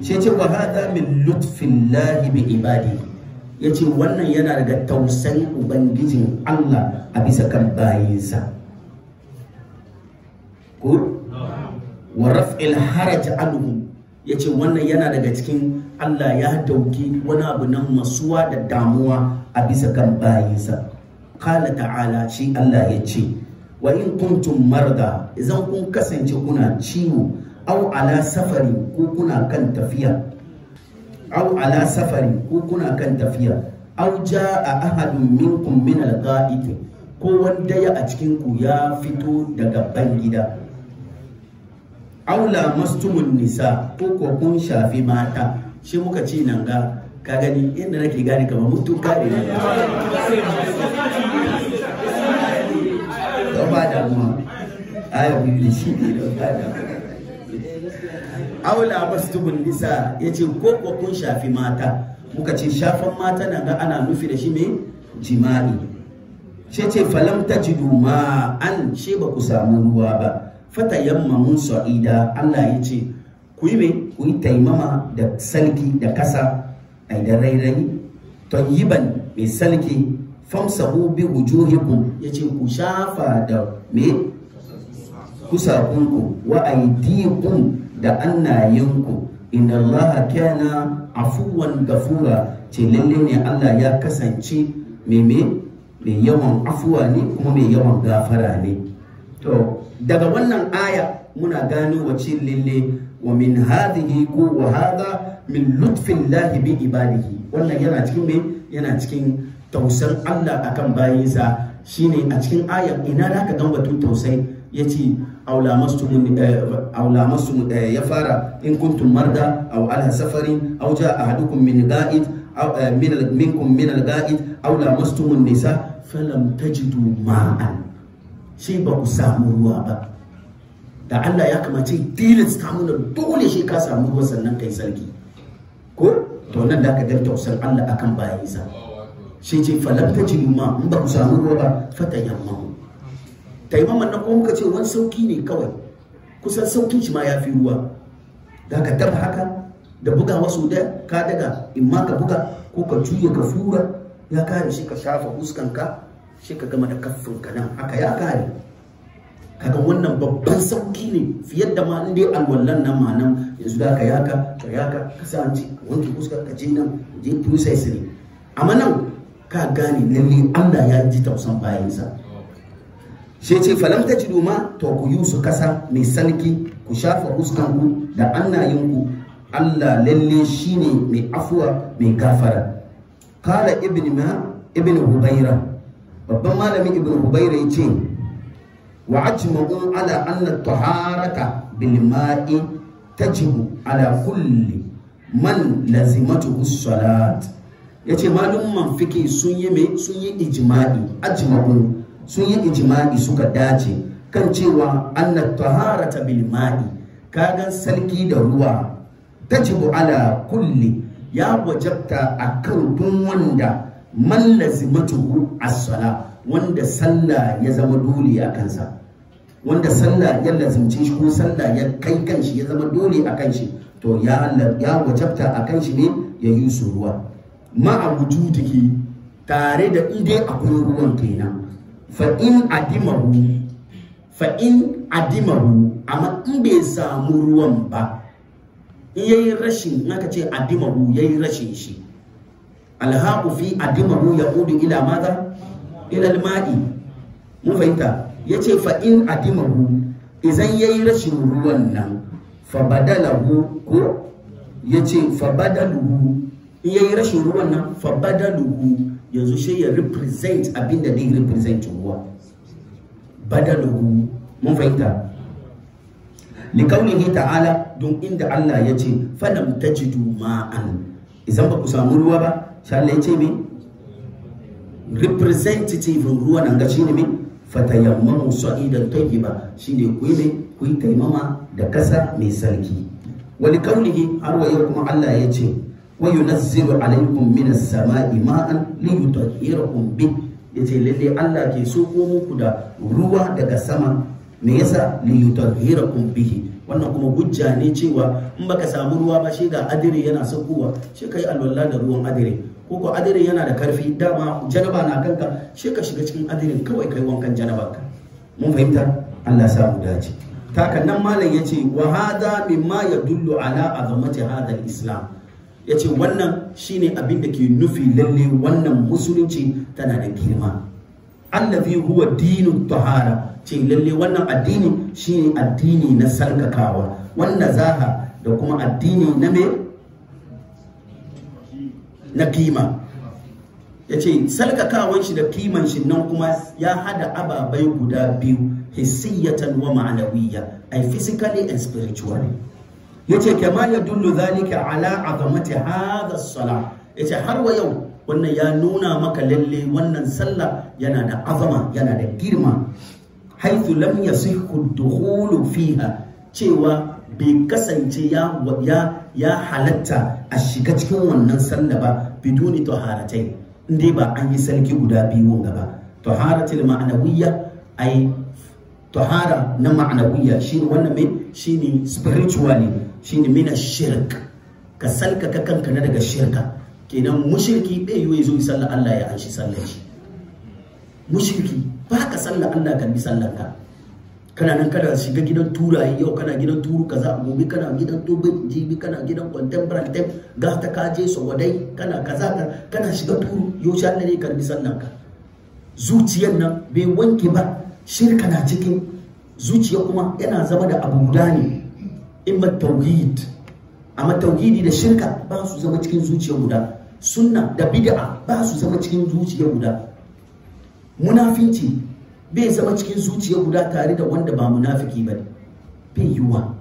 shi ce wa hada min lutfillahi bi ibadi yace wannan yana daga tausayin ubangijin Allah a bisa kan bayinsa ko wa raf'il haraj anhum yace wannan yana daga cikin Allah ya dauki wani abu nan masuwa da damuwa a bisa kan bayinsa kala ta'ala shi Allah ya ce wa in kuntum marda idan kun kasance kuna ciwo au ala safari ko kuna kan tafiya au ala safari ko kuna kan tafiya au a ahadun minkum min al-ga'id ko wanda ya a cikin ku ya fito daga ban gida aula mastumun nisa ko ko kun shafi mata shi muka ci nan ga ka gani inda nake gane kamar mutum kaɗe ne don ba damuwa ayo ne shi ne don ba damuwa aula bastubun nisa yace ko ko kun shafi mata muka ce shafan mata nan ga ana nufi da shi me jima'i shi ce falam tajidu ma an shi ba ku samu ruwa ba Fata yamma mun, sa'ida Allah yace ku yi me ku taimama da salki da kasa ai da rairayi tayyiban mai salki famsahu bi wujuhikum yace ku shafa da me kunku wa aydikum da annayinku inna allaha kana afuwan gafura ce lalle ne Allah ya kasance me mai yawan afuwa ne kuma mai yawan gafara ne to daga wannan aya muna gano wace lalle wa min hadhihi ko wa hadha min lutfillahi bi ibadihi wannan yana cikin me yana cikin tausan Allah akan bayinsa shine a cikin ayar ina da ka dan batun tausai yace aula mastum eh, aula mastum eh, ya fara in kuntum marda aw ala safarin aw jaa ahadukum min ga'id eh, min minkum min al-ga'id aw lamastum an-nisa falam tajidu ma'an shi ba ku samu ruwa ba da Allah ya kamace tilasta mana dole shi ka samu ruwa sannan kai sarki ko to nan da ka dar tausar Allah akan sa shi ce falam ta ma in ba ku samu ruwa ba fata yamma taimaman na ko muka ce wani sauki ne kawai kusan sauki shi ma ya fi ruwa da ka dafa haka da buga wasu da ka daga in ma ka buga ko ka juya ka fura ya kare shi ka shafa huskanka shi ka gama da kaffinka nan haka ya kare kaga wannan babban sauki ne fiye da ma inda alwallan nan ma nan yanzu da ka yaka ka yaka ka sa an ci wanke fuska ka je nan je process ne amma nan ka gane lalle Allah ya ji tausan bayansa shi ce falam ta jidu ma to ku yi su kasa mai sarki ku shafa fuskanku da annayinku Allah lalle shine mai afuwa mai gafara kala ibn ma ibn hubaira babban malamin ibn hubaira ya ce wa ajma'u ala anna taharata bil ta jihu ala kulle man yace malumman fiki sun yi mai sun yi ijma'i ajma'u sun yi ijma'i suka dace kan cewa anna taharata bil ma'i kagan sarki da ruwa tajibu ala kulli ya wajabta akan duk wanda man lazimatu as-salat wanda sallah ya zama dole a kansa wanda sallah ya lazimce shi ko sallah ya kai kanshi ya zama dole a kanshi to ya Allah ya wajabta a kanshi ne ya yi suruwa. ruwa ma a take tare da idai akwai ruwan kenan fa in adimahu fa in adimahu amma in bai samu ruwan ba in yayi rashin in aka ce adimahu yayi rashin shi alhaqu fi adimahu yaqudu ila madha ilal ma'i mun fahimta yace fa in adimahu idan yayi rashin ruwan nan fa badalahu ko yace fa badaluhu in yayi rashin ruwan nan fa badaluhu yanzu shi ya represent abinda dai represent ruwa badaluhu mun fahimta likaulihi ta'ala don inda Allah ya ce lam tajidu ma'an idan ba ku samu ruwa ba sha Allah yace me representative ruwa nan ga shine me fatayammamu sa'idan tayyiba shine ku yi ku yi taimama da kasa mai sarki wani kaunihi har wa kuma Allah ya ce wa alaykum alaikum minas sama'i ma'an li yutahhirakum bi yace lalle Allah ke so ko muku da ruwa daga sama me yasa li yutahhirakum bihi wannan kuma hujja ne cewa in baka samu ruwa ba shi ga adire yana saukowa shi kai alwala da ruwan adire ko ko adirin yana da karfi dama janaba na kanka shi ka shiga cikin adirin kawai kai wankan ka mun fahimta Allah sa mu dace taka nan malam yace wa hada mimma yadullu ala azamati hadal islam yace wannan shine abin da ke nufi lalle wannan musulunci tana da girma allazi huwa dinu tahara ce lalle wannan addini shine addini na sarkakawa wannan zaha da kuma addini na me na kima ya ce salkakawan shi da kiman shi nan kuma ya hada ababai guda biyu hissiyatan wa ma'anawiyya ai physically and spiritually yace kama ya dullu zalika ala azamati hadha as ya yace har wa yau wannan ya nuna maka lalle wannan sallah yana da azama yana da girma haithu lam yasihu dukhulu fiha cewa bai kasance ya ya halatta a shiga cikin wannan sanda ba biduni taharatai in dai ba an yi sarki guda biyu gaba taharatul ma'anawiyya ai tahara na ma'anawiyya shi wannan mai shine spiritually shine mina shirk ka salka ka kanka na daga shirka kenan mushriki bai yi zo sallah Allah ya anshi sallar shi mushriki ba ka sallah Allah kan bi sallar ka kana nan kana shiga gidan turaye yau kana gidan turu kaza gobe kana gidan tubin jibi kana gidan contemporary tem ga ta kaje so wadai kana kaza ka kana shiga turu yau sha Allah ne karbi sannan ka zuciyar nan bai wanke ba shirka na cikin zuciya kuma yana zama da abu guda ne ba tauhid amma tauhidi da shirka ba su zama cikin zuciya guda sunna da bid'a ba su zama cikin zuciya guda munafinci bai zama cikin zuciya guda tare da wanda ba munafiki ba bai yiwa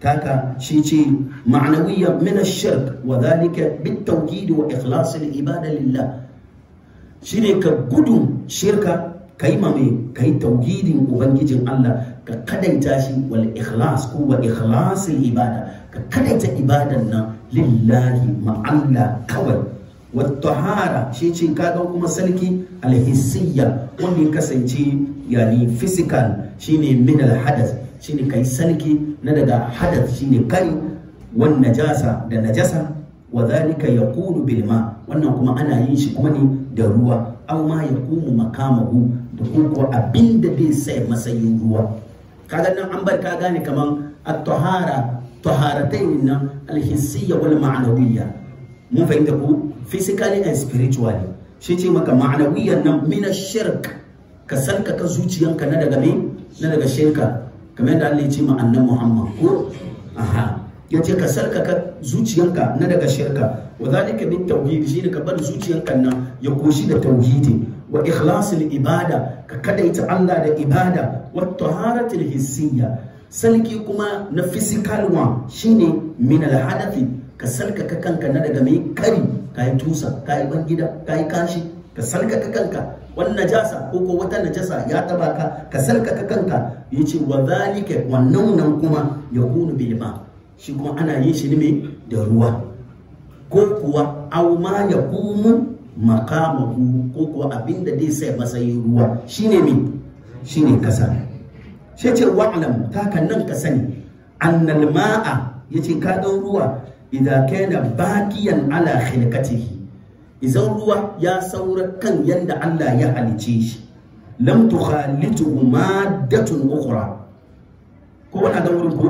kaka shi ce ma'anawiyya min ash-shirk wa dhalika bit-tawhid wa ikhlas al-ibada lillah shine ka gudun shirka kai mame kai tauhidin ubangijin Allah ka kadaita shi wal ikhlas ko wa ikhlasil ibada ka kadaita ibadan nan lillahi ma Allah kawai wattahara shi ce ka kuma sarki alhissiyya wanda kasance yani physical shine min shi shine kai sarki na daga shi shine kai wan najasa da najasa wa dhalika yaqulu bil ma wannan kuma ana yin shi kuma ne da ruwa aw ma yaqumu makamahu da kuma abinda bai sai masayin ruwa kaga nan an bar ka gane kaman at-tahara taharatain nan alhissiyya wal ma'nawiyya mun fahimta ku physically and spiritually shi ce maka ma'anawiyan nan mina shirk ka zuciyanka na daga me na daga shirka kamar yadda Allah ya ce ma Muhammad ko aha ya ce ka zuciyanka na daga shirka wa zalika min tauhid shi ne ka bar zuciyanka nan ya koshi da tauhidi wa ikhlasul ibada ka kadaita Allah da ibada wa taharatul hissiyya Sarki kuma na physical one shine min al hadathi ka ka kanka na daga mai kari ka yi tusa ka yi bangida ka yi kashi ka ka kanka wani najasa ko ko wata najasa ya taba ka ka ka kanka ya ce wa zalika wannan nan kuma ya kunu bilma shi kuma ana yin shi ne da ruwa ko kuwa au ma ya kumu makamahu ko kuwa abin da zai sai matsayin ruwa shine me shine kasa shi ce wa'lam ta kan nan ka sani annal ma'a yace ka dan ruwa idza kana baqiyan ala khilqatihi idan ruwa ya saura kan yanda Allah ya halice shi lam tukhalituhu maddatun ukhra ko wani adam wurin ko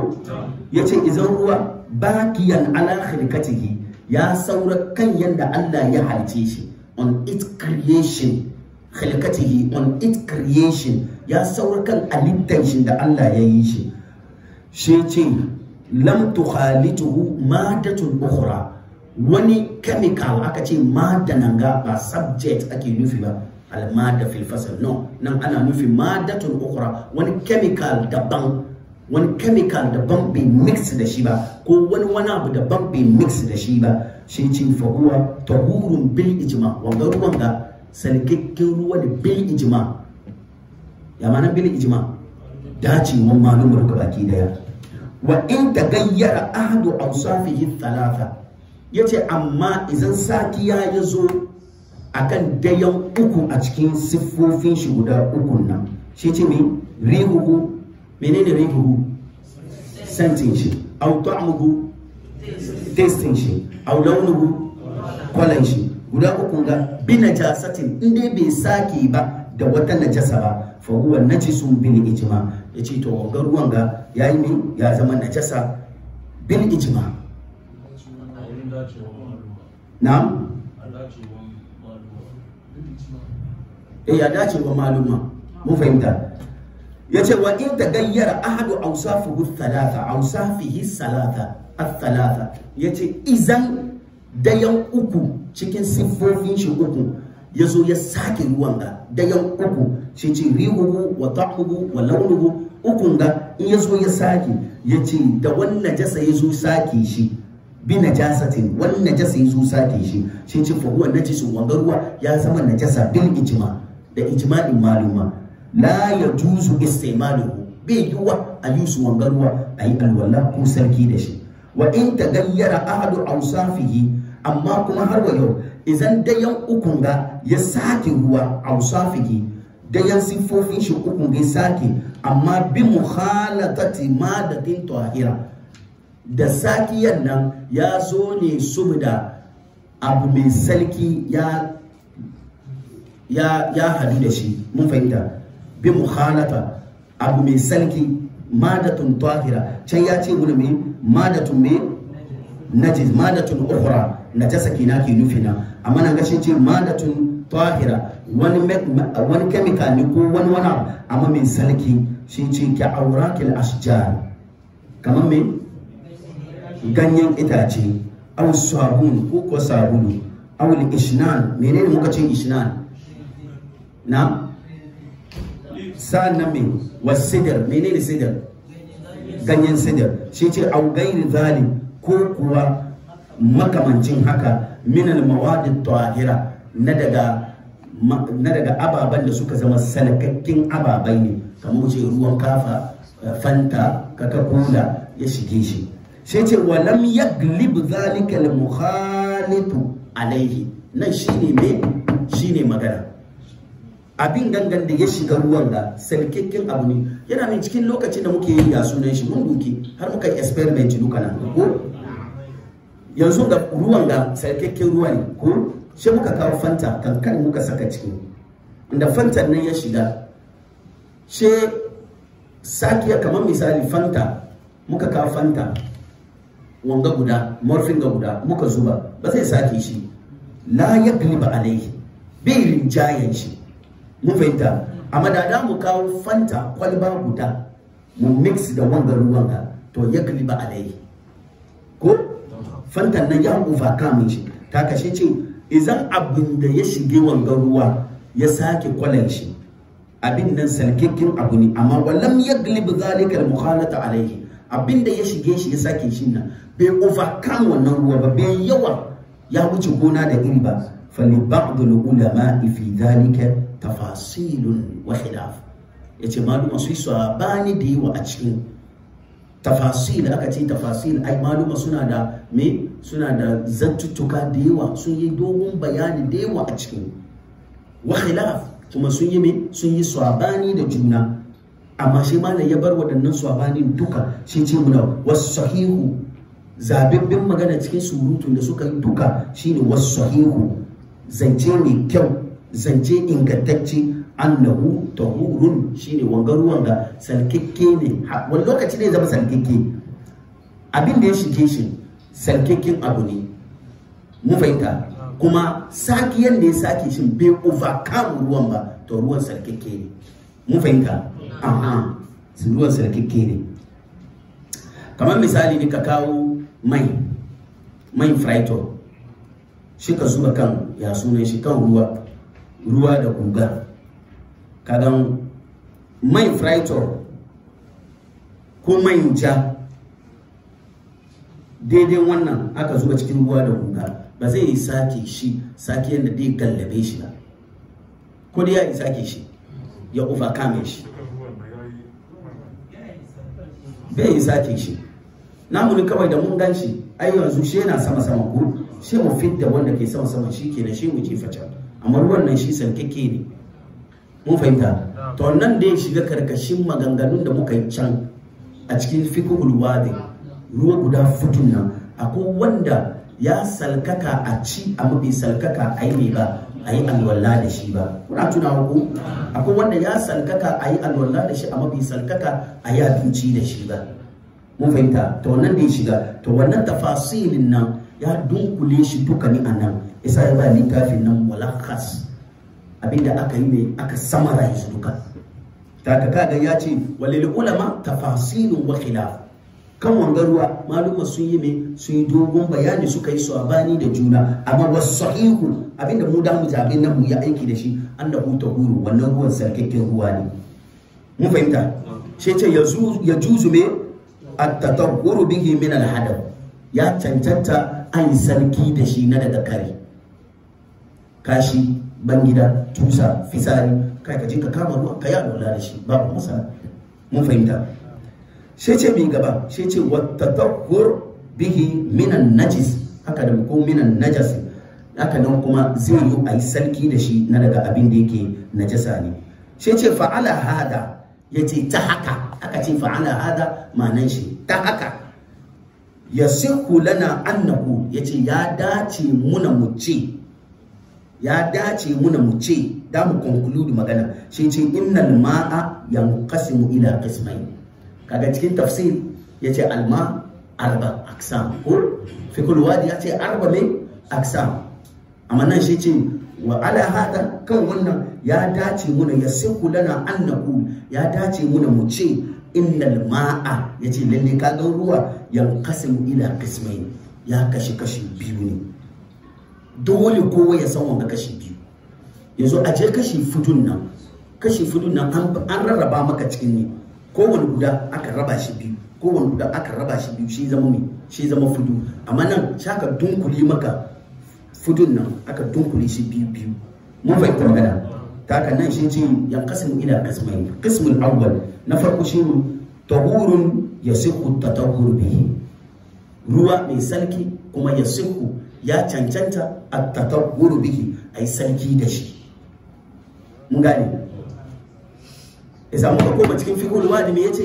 yace idan ruwa baqiyan ala khilqatihi ya saura kan yanda Allah ya halice shi on its creation khilqatihi on its creation ya saura kan alittan shi da Allah ya yi shi shi ce lam tukhalituhu madatun ukhra wani chemical aka ce mada nan ga ba subject ake nufi ba mada fil fasl no nan ana nufi madatun ukhra wani chemical daban wani chemical daban bai mix da shi ba ko wani wani abu daban bai mix da shi ba shi ce fa huwa tahurun bil ijma wanga ruwan ga ruwa da bil ijma ya ma'anar bil ijma malumar baki daya wa in gayyara ahadu talata? Ya ce, amma izan sakiya ya zo a kan dayan uku a cikin siffofin shi guda uku nan shi ce mai rihuhu menene rihuhu sentin shi au ta'amuhu testin shi au launuhu kwalan shi guda uku ga bi najasatin in dai bai sake ba da wata najasa ba fa huwa najisun bil ijma yace to ga ruwan ga ya yi min ya zama jasa bin ijima na? Eh, ya dace wa maluma mun fahimta ya ce wa in tagayyara ahadu ausafuhu thalatha ausafihi salata at-thalatha ya ce izan dayan uku cikin siffofin shi uku ya zo ya sake ruwan da dayan uku shi ce rihuhu wa ta'uhu wa launuhu ukun ga in ya zo ya sake ya ce da wannan jasa ya zo sake shi bi najasatin wannan jasa ya zo sake shi shi ce fa huwa najisun wangar ruwa ya zama najasa bil ijma da ijma'in maluma la yajuzu istimaluhu bai yiwa a yi su wangar ruwa a yi alwala ko sarki da shi wa in ta gayyara ahadu ausafihi amma kuma har wa yau idan dayan ukun ga ya sake ruwa ausafihi yan siffofin shi uku bai sake amma bi muhalatati madatin tahira da sakiyan nan ya zo ne saboda abu mai salki ya ya ya hadu da shi mun fahimta bi muhalata abu mai salki madatun tahira can ya ce wani mai madatun mai najis madatun ukhra najasa kina ke nufina amma na gashin ce madatun tahira wani wani chemical ne ko wani wani amma mai sarki shi ce ki auratil ashjar kamar me ganyen itace aw sabun ko ko sabulu aw ishnan menene muka ce ishnan na sa'annan me wasidar menene sidar ganyen sidar shi ce aw gairi zalim ko kuwa makamancin haka minal mawadi tahira na daga ababen da suka zama salakakkin ababai ne kamar wuce ruwan kafa eh, fanta kula ya shige shi sai ce walam yaglib zalika al-mukhalitu alaihi nan shine me shine magana abin gangan da ya shiga ruwan da salkekkin abu ne yana min cikin lokacin da muke yi ya sunan shi mun duki har muka experiment duka nan ko yanzu da ruwan da salkekkin ruwa ne ko shi muka kawo fanta kankan muka saka ciki inda fanta nan ya shiga she sakiya kamar misali fanta muka kawo fanta wanga guda morfin ga guda muka zuba ba zai sake shi la ya kliba alaihi bai rinjayen shi mun fahimta amma da da mu kawo fanta kwalba guda mu mix da wanga ruwan ka to ya kliba alaihi ko fanta nan ya ƙofa fa kamun shi ta kashe cin Izan abin da ya shige wanga ruwa ya sake kwalan shi abin nan salkikkin abu ne amma walam yaglib zalika al-mukhalata alaihi abin da ya shige shi ya sake shi nan bai overcome wannan ruwa ba bai yawa ya wuce gona da in ba fali ba'd ulama fi zalika tafasilun wa khilaf yace maluma su bani da yawa a cikin tafasil aka ce tafasil ai maluma suna da me suna da zattuttuka da yawa sun yi dogon bayani da yawa a cikin wa khilaf kuma sun yi me sun yi da juna amma shi malam ya bar waɗannan sabani duka shi ce muna wasu sahihu zababbin magana cikin surutun da suka yi duka shine wasu sahihu zance mai kyau zance ingantacce annahu tahurun shine wanga ruwan da salkikke ne wani lokaci ne zama salkikke abin da ya shige shi sarkakken abu ne mu fahimta kuma saki yadda ya saki shi bai overcome ruwan ba to ruwan sarkakke ne mu fahimta amma ruwan sarkakke ne kamar misali ne ka kawo mai mai fraito shi ka zuba kan ya sunan shi kan ruwa ruwa da guga kadan mai fraito ko mai ja daidai wannan aka zuba cikin ruwa da guga ba zai yi sake shi sake yadda zai gallabe shi ba ko dai ya yi sake shi ya ufa kame shi bai yi sake shi namu kawai da mun gan shi ai yanzu shi yana sama sama ku shi mu fit da wanda ke sama sama shi kenan shi mu jefa can amma ruwan nan shi san keke ne mun fahimta to nan da ya shiga karkashin maganganun da muka yi can a cikin fiqhul wadi ruwa guda fitun nan akwai wanda ya salkaka a ci a mafi salkaka a yi ba a yi alwala da shi ba kuna tuna ku akwai wanda ya salkaka a yi alwala da shi a mafi salkaka a yi abinci da shi ba mun fahimta ta wannan ya shiga ta wannan tafasilin nan ya dunkule shi duka ni a nan isa ya ba littafin nan walakas abinda aka yi mai aka samara shi duka ta ga ya ce walil ulama tafasilun wa khilaf kan wanga ruwa maluma sun yi mai sun yi dogon bayani suka yi sabani da juna amma wasu sahihu abinda mu da mu na nan mu ya aiki da shi an annahu huru, wannan ruwan sarkakken ruwa ne mun fahimta sai ce ya juzu me a tatawwuru bihi min al ya cancanta an sarki da shi na daga kare kashi bangida tusa fisari kai ka je ka kama ruwa ka yi alwala da shi babu masana mun fahimta shi ce min gaba shi ce wata takwar bihi minan najis haka da ko minan najas haka nan kuma zai yi a yi sarki da shi na daga abin da yake najasa ne shi ce fa'ala hada ya ce ta haka aka ce fa'ala hada ma'anan shi ta haka ya siku lana annahu ya ce ya dace muna mu ce ya dace muna mu ce da mu conclude magana shi ce innal ma'a yanqasimu ila qismayn kaga cikin tafsir ce alma arba aksam ko fi kulli wadi ce arba ne aksam amma nan shi ce wa ala hada kan wannan ya dace muna ya siku lana annaku ya dace muna mu ce innal ma'a ce lalle ka ga ruwa ya yanqasim ila kismai. ya kashi kashi biyu ne dole kowa ya san wanga kashi biyu yanzu a je kashi fudun nan kashi fudun nan an rarraba maka cikin ne kowane guda aka raba shi biyu kowane guda aka raba shi biyu shi zama mai shi zama fudu amma nan shi aka dunkule maka fudun nan aka dunkule shi biyu biyu mun fahimta magana ta haka nan shi ce ya kasmu ina kasmai kasmul awwal na farko shi ne tahurun yasihu tatahuru bihi ruwa mai sarki kuma yasihu ya cancanta at tatahuru bihi ai sarki da shi mun gane isa muka koma cikin fikul wadi me yace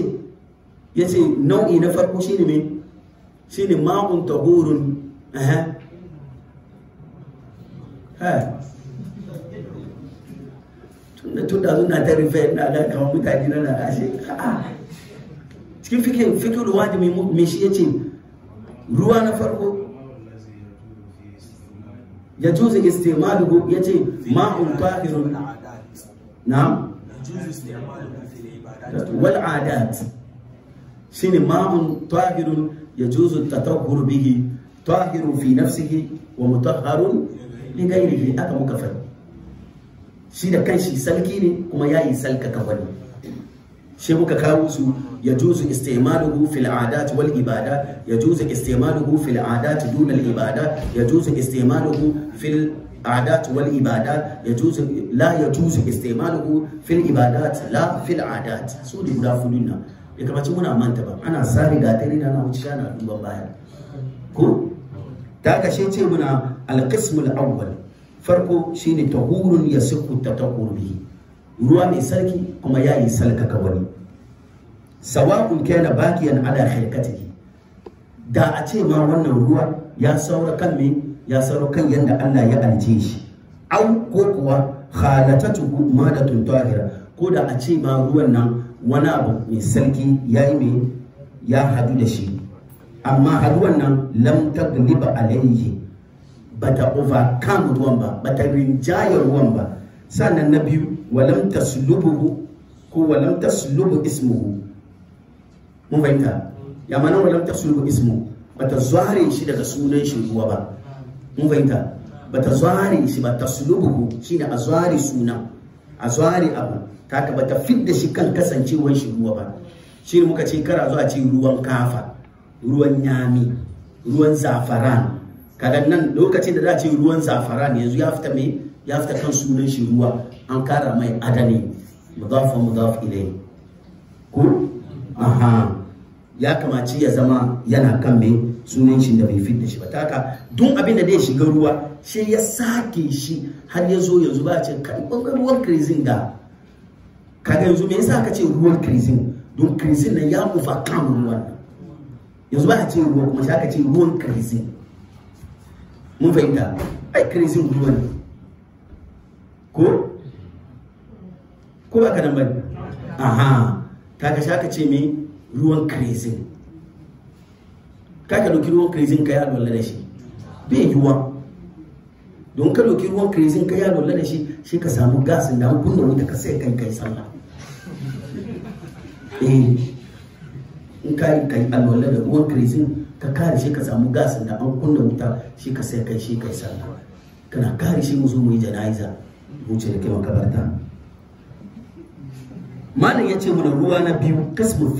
yace nau'i na farko shine me shine ma'un tahurun eh ha tunda tunda zuna ta rufe na da kawo mutane na na ashe a'a cikin fikin fikul wadi me shi yace ruwa na farko ya juzu istimaluhu yace ma'un tahirun na'am wal adat shine ma'un tahirun yajuzu tatahhur bihi tahirun fi nafsihi wa mutahharun li ghairihi aka muka fadi shi da kanshi salki ne kuma yayi salkaka wani shi muka kawo su yajuzu istimaluhu fil adat wal ibada yajuzu istimaluhu fil adat dun fil العادات والعبادات يجوز لا يجوز استعماله في العبادات لا في العادات سو دي guda fudu nan muna manta ba ana sari ga tare da na wuce na duban baya ko ta kashe ce muna al-qism al-awwal farko shine tahurun yasiqu tatahur ruwa mai sarki kuma yayi salkaka wani sawa'un kana bakiyan ala khilqatihi da a ce ma wannan ruwa ya saura kan me ya saro kan yadda Allah ya alje shi au ko kuwa khalatatuhu da tahira ko da a ce ma ruwan nan wani abu mai sarki yayi mai ya hadu da shi amma haduwan nan lam ba alayhi ta over kan ruwan ba ba ta rinjaya ruwan ba sannan na biyu walam taslubuhu ko walam taslubu ismuhu mun fahimta ya mana walam taslubu ismuhu ta zare shi daga sunan shi ruwa ba mun fahimta ba ta zware shi ba ta sulubuhu ne a zware suna a zware abu ta ka ba ta da shi kan kasancewar shi ruwa ba shi ne muka ce kara zuwa ce ruwan kafa ruwan nyami ruwan zafaran kaga nan lokacin da za a ce ruwan zafaran yanzu ya fita mai ya fita kan sunan shi ruwa an kara mai adani mudafan mudaf ilai ko aha ya kamaci ya zama yana kan mai sunan shi da bai da shi ba taka don abin da zai shiga ruwa shi ya sake shi har ya zo yanzu ba ce kai ruwan krizin da kaga yanzu me yasa aka ce ruwan krizin don krizin nan ya kufa kan ruwan yanzu ba a ce ruwa kuma sai aka ce ruwan krizin mun fahimta ai krizin ruwa ne ko ko ba ka nan bari? aha kaga sai aka ce me ruwan krizin kaka doki ruwan krizin ka ya lura da shi bai yiwuwa don ka doki ruwan krizin ka ya lura da shi shi ka samu gasin da hukun da wuta ka sai kan kai sallah eh in ka yi kai alwala da ruwan krizin ka kare shi ka samu gasin da hukun da wuta shi ka sai kai shi kai sallah kana kare shi mu zo mu yi jana'iza mu ce da kai makabarta malam ya ce mana ruwa na biyu kasbul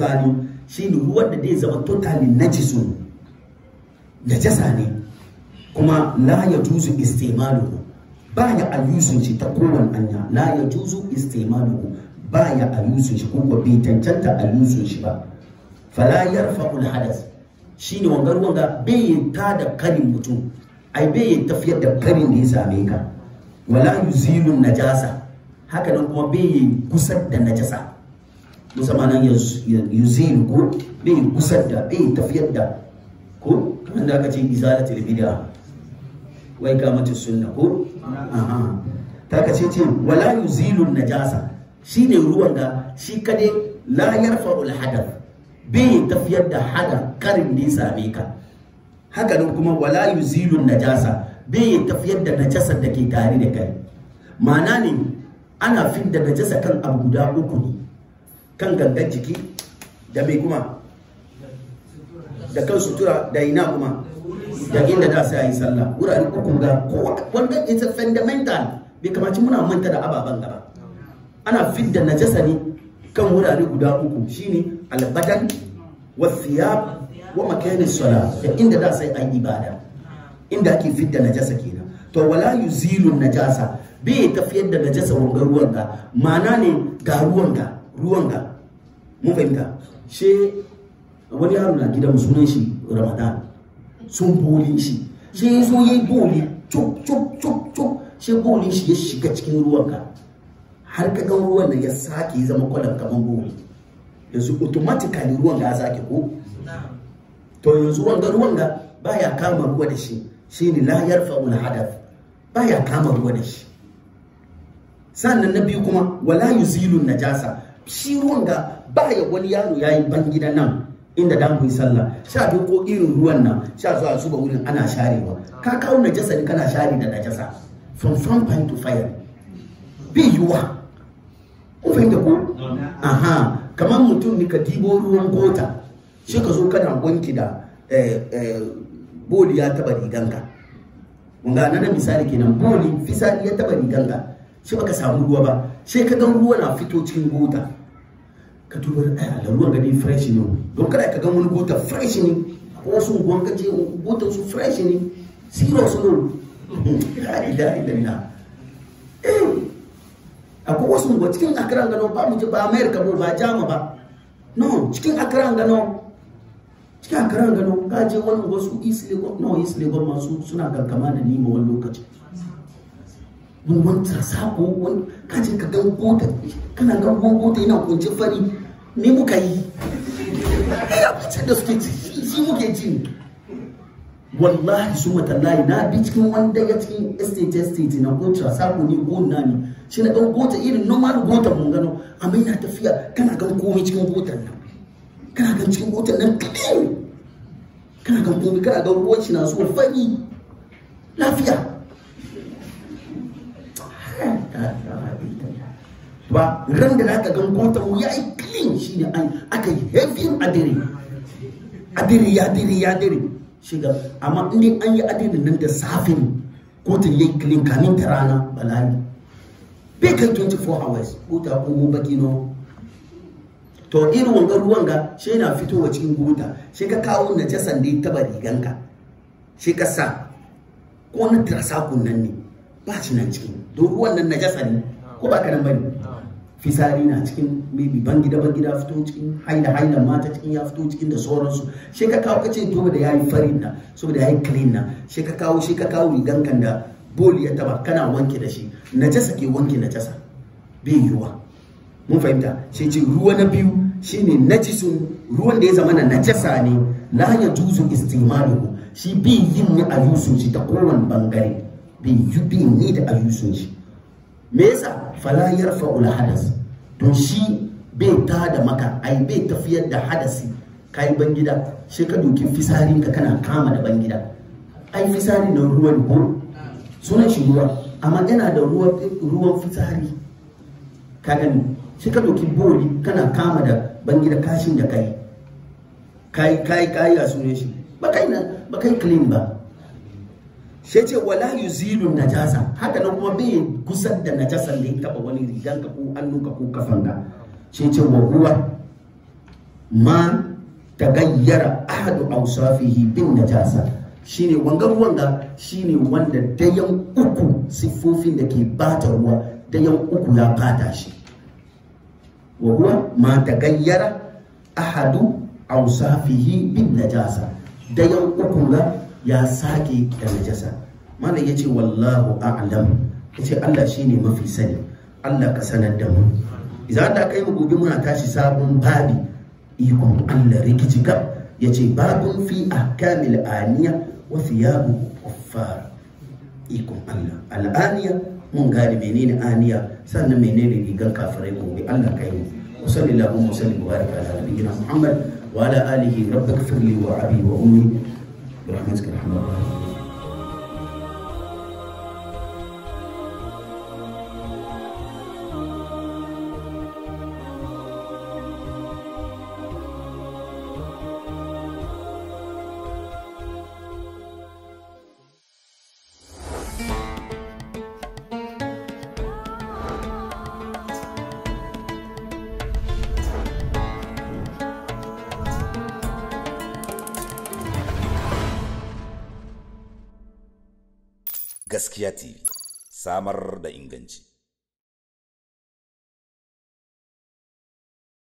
shi shine ruwan da zai zama totally najisun najasa ne kuma la ya juzu istimaluhu ba ya ayyusun shi ta kowane anya la ya juzu istimaluhu ba ya ayyusun shi kuma bai cancanta ayyusun shi ba fala yarfa'ul hadas shine wangar wanga bai ta da karin mutum ai bai tafiyar da karin da ya same ka wala yuzilun najasa haka nan kuma bai yi kusa da najasa musamman nan yuzin ko bai yi kusa da bai yi tafiyar da ko kamar da aka ce izalatul tilbida wai ga mace sunna ko aha ta ka ce wala yuzilun najasa shine ruwan da shi kade la yarfa'ul hadar bai tafiyar da hadar karin da ya same ka haka nan kuma wala yuzilun najasa bai tafiyar da najasar da ke tare da kai ma'ana ne ana fin da najasa kan abu guda uku ne kan gangan jiki da mai kuma da kan sutura da ina kuma da inda da sai yi sallah wurare uku ga kowa wanda is a fundamental bai kamaci muna manta da ababen gaba ana fin da najasa ne kan wurare guda uku shine albadan wa thiyab wa makanis sala da inda da sai an ibada inda ake fidda najasa ke to wala yuzilu najasa bai tafiyar da najasa wanga ruwan ga mana ne ga ruwan ga ruwan ga mun fahimta she wani yaro na gidan sunan shi ramadan sun boli shi she ya zo ya yi boli cuk cuk cuk cuk she boli shi ya shiga cikin ruwan ka har ka ga ruwan nan ya sake zama kwalam kamar boli yanzu automatically ruwan ga zaki ko to yanzu ruwan ga ruwan ga baya kama ruwa da shi shine la yarfa'ul hadath baya kama ruwa da shi sannan na biyu kuma wala na najasa shi ruwan ga baya wani yaro yayi ban gida nan inda da mu yi sallah sha biyu ko irin ruwan nan sha zuwa zuba wurin ana sharewa ka kawo najasa ne kana share da najasa from point to fire bi yiwa ku fahimta ko aha kamar mutum ne ka dibo ruwan gota shi ka zo kana wanki da eh, eh, bodi ya taba riganka ga nan misali kenan boli fisari ya taba riganka sai baka samu ruwa ba sai ka ga ruwa na fito cikin gota ka duba ai ruwan gani fresh ne don kada ka ga wani gota fresh ne ko wasu ruwan ka gota gotan su fresh ne siro su la da illallah eh akwai wasu ruwa cikin akran gano ba mu ji ba america ba ba jama ba no cikin akran gano ya ga gano kaje wani wasu east lagos nawa east lagos masu suna gargama da ma wani lokaci mun wanta sako wani kaje ka gan gota kana gan gota yana kunci fari me muka yi ya fice da suke ci shi muke ci wallahi suma tallahi na bi cikin wanda ya cikin estate estate na gota sako gon na ne shi na dan gota irin normal gota mun gano amma ina tafiya kana gan komai cikin gotan nan kana gan cikin gotan nan kaɗai kana kan komi kana ga ruwanci na so fani lafiya ba ran da ka gan kotar ya yi clean shi ne an aka yi heavy adiri adiri ya adiri ya diri shiga amma in an yi adiri nan da safin kotun ya yi clean kanin ta rana balani bai kai 24 hours ko ta kogo to irin wanga ruwan ga shi yana fitowa cikin gota shi ka kawo jasan da ya taba riganka shi ka sa ko na tarasa kunnan ne ba shi nan cikin don ruwan nan jasan ne ko ba kanan bane fisari na cikin maybe ban gida ban gida fito cikin haila haila mata cikin ya fito cikin da sauransu shi ka kawo kace to da yayi farin na saboda yayi clean na shi ka kawo shi ka kawo rigan da boli ya taba kana wanke da shi najasa ke wanke najasa bai yiwa mun fahimta sai ce ruwa na biyu shine najisun ruwan da ya zama na najasa ne la ya juzu istimaluhu shi bi yin ne a yusun shi ta kowan bangare bi yi bi ne da a yusun shi me yasa fala yarfa ul hadas don shi bai ta da maka ai bai tafiyar da hadasi kai yi bangida sai ka doki fisarin ka kana kama da bangida. ai fisari na ruwan ko sunan shi ruwa amma yana da ruwan fisari ka gani shi ka doki boli kana kama da ban gida kashin da kai kai kai kai a sunan shi ba kai na ba kai clean ba she ce wala yuzilu najasa haka nan kuma bai gusar da najasan da ya taba wani rigan ka ko hannun ka ko kafan ka she ce wa huwa ma tagayyara ahadu awsafihi bin najasa shine wanga-wanga. shine wanda dayan uku sifofin da ke bata ruwa dayan uku ya bata shi wa huwa ma tagayyara ahadu awsafihi bin najasa dayan uku ga ya sake da najasa malam yace wallahu a'lam yace Allah shine mafi sani Allah ka sanar da mu idan da kai mu gobe muna tashi sabon babi ikon Allah rikici ka yace babun fi ahkamil aniya wa thiyabu kuffar ikon Allah al'aniya mun gane menene aniya sannan menene rigar kafirai gobe Allah kai mu usalli lahu wa sallim wa baraka ala muhammad wa ala alihi rabbika firli wa abi wa ummi rahmatuka rahmatuka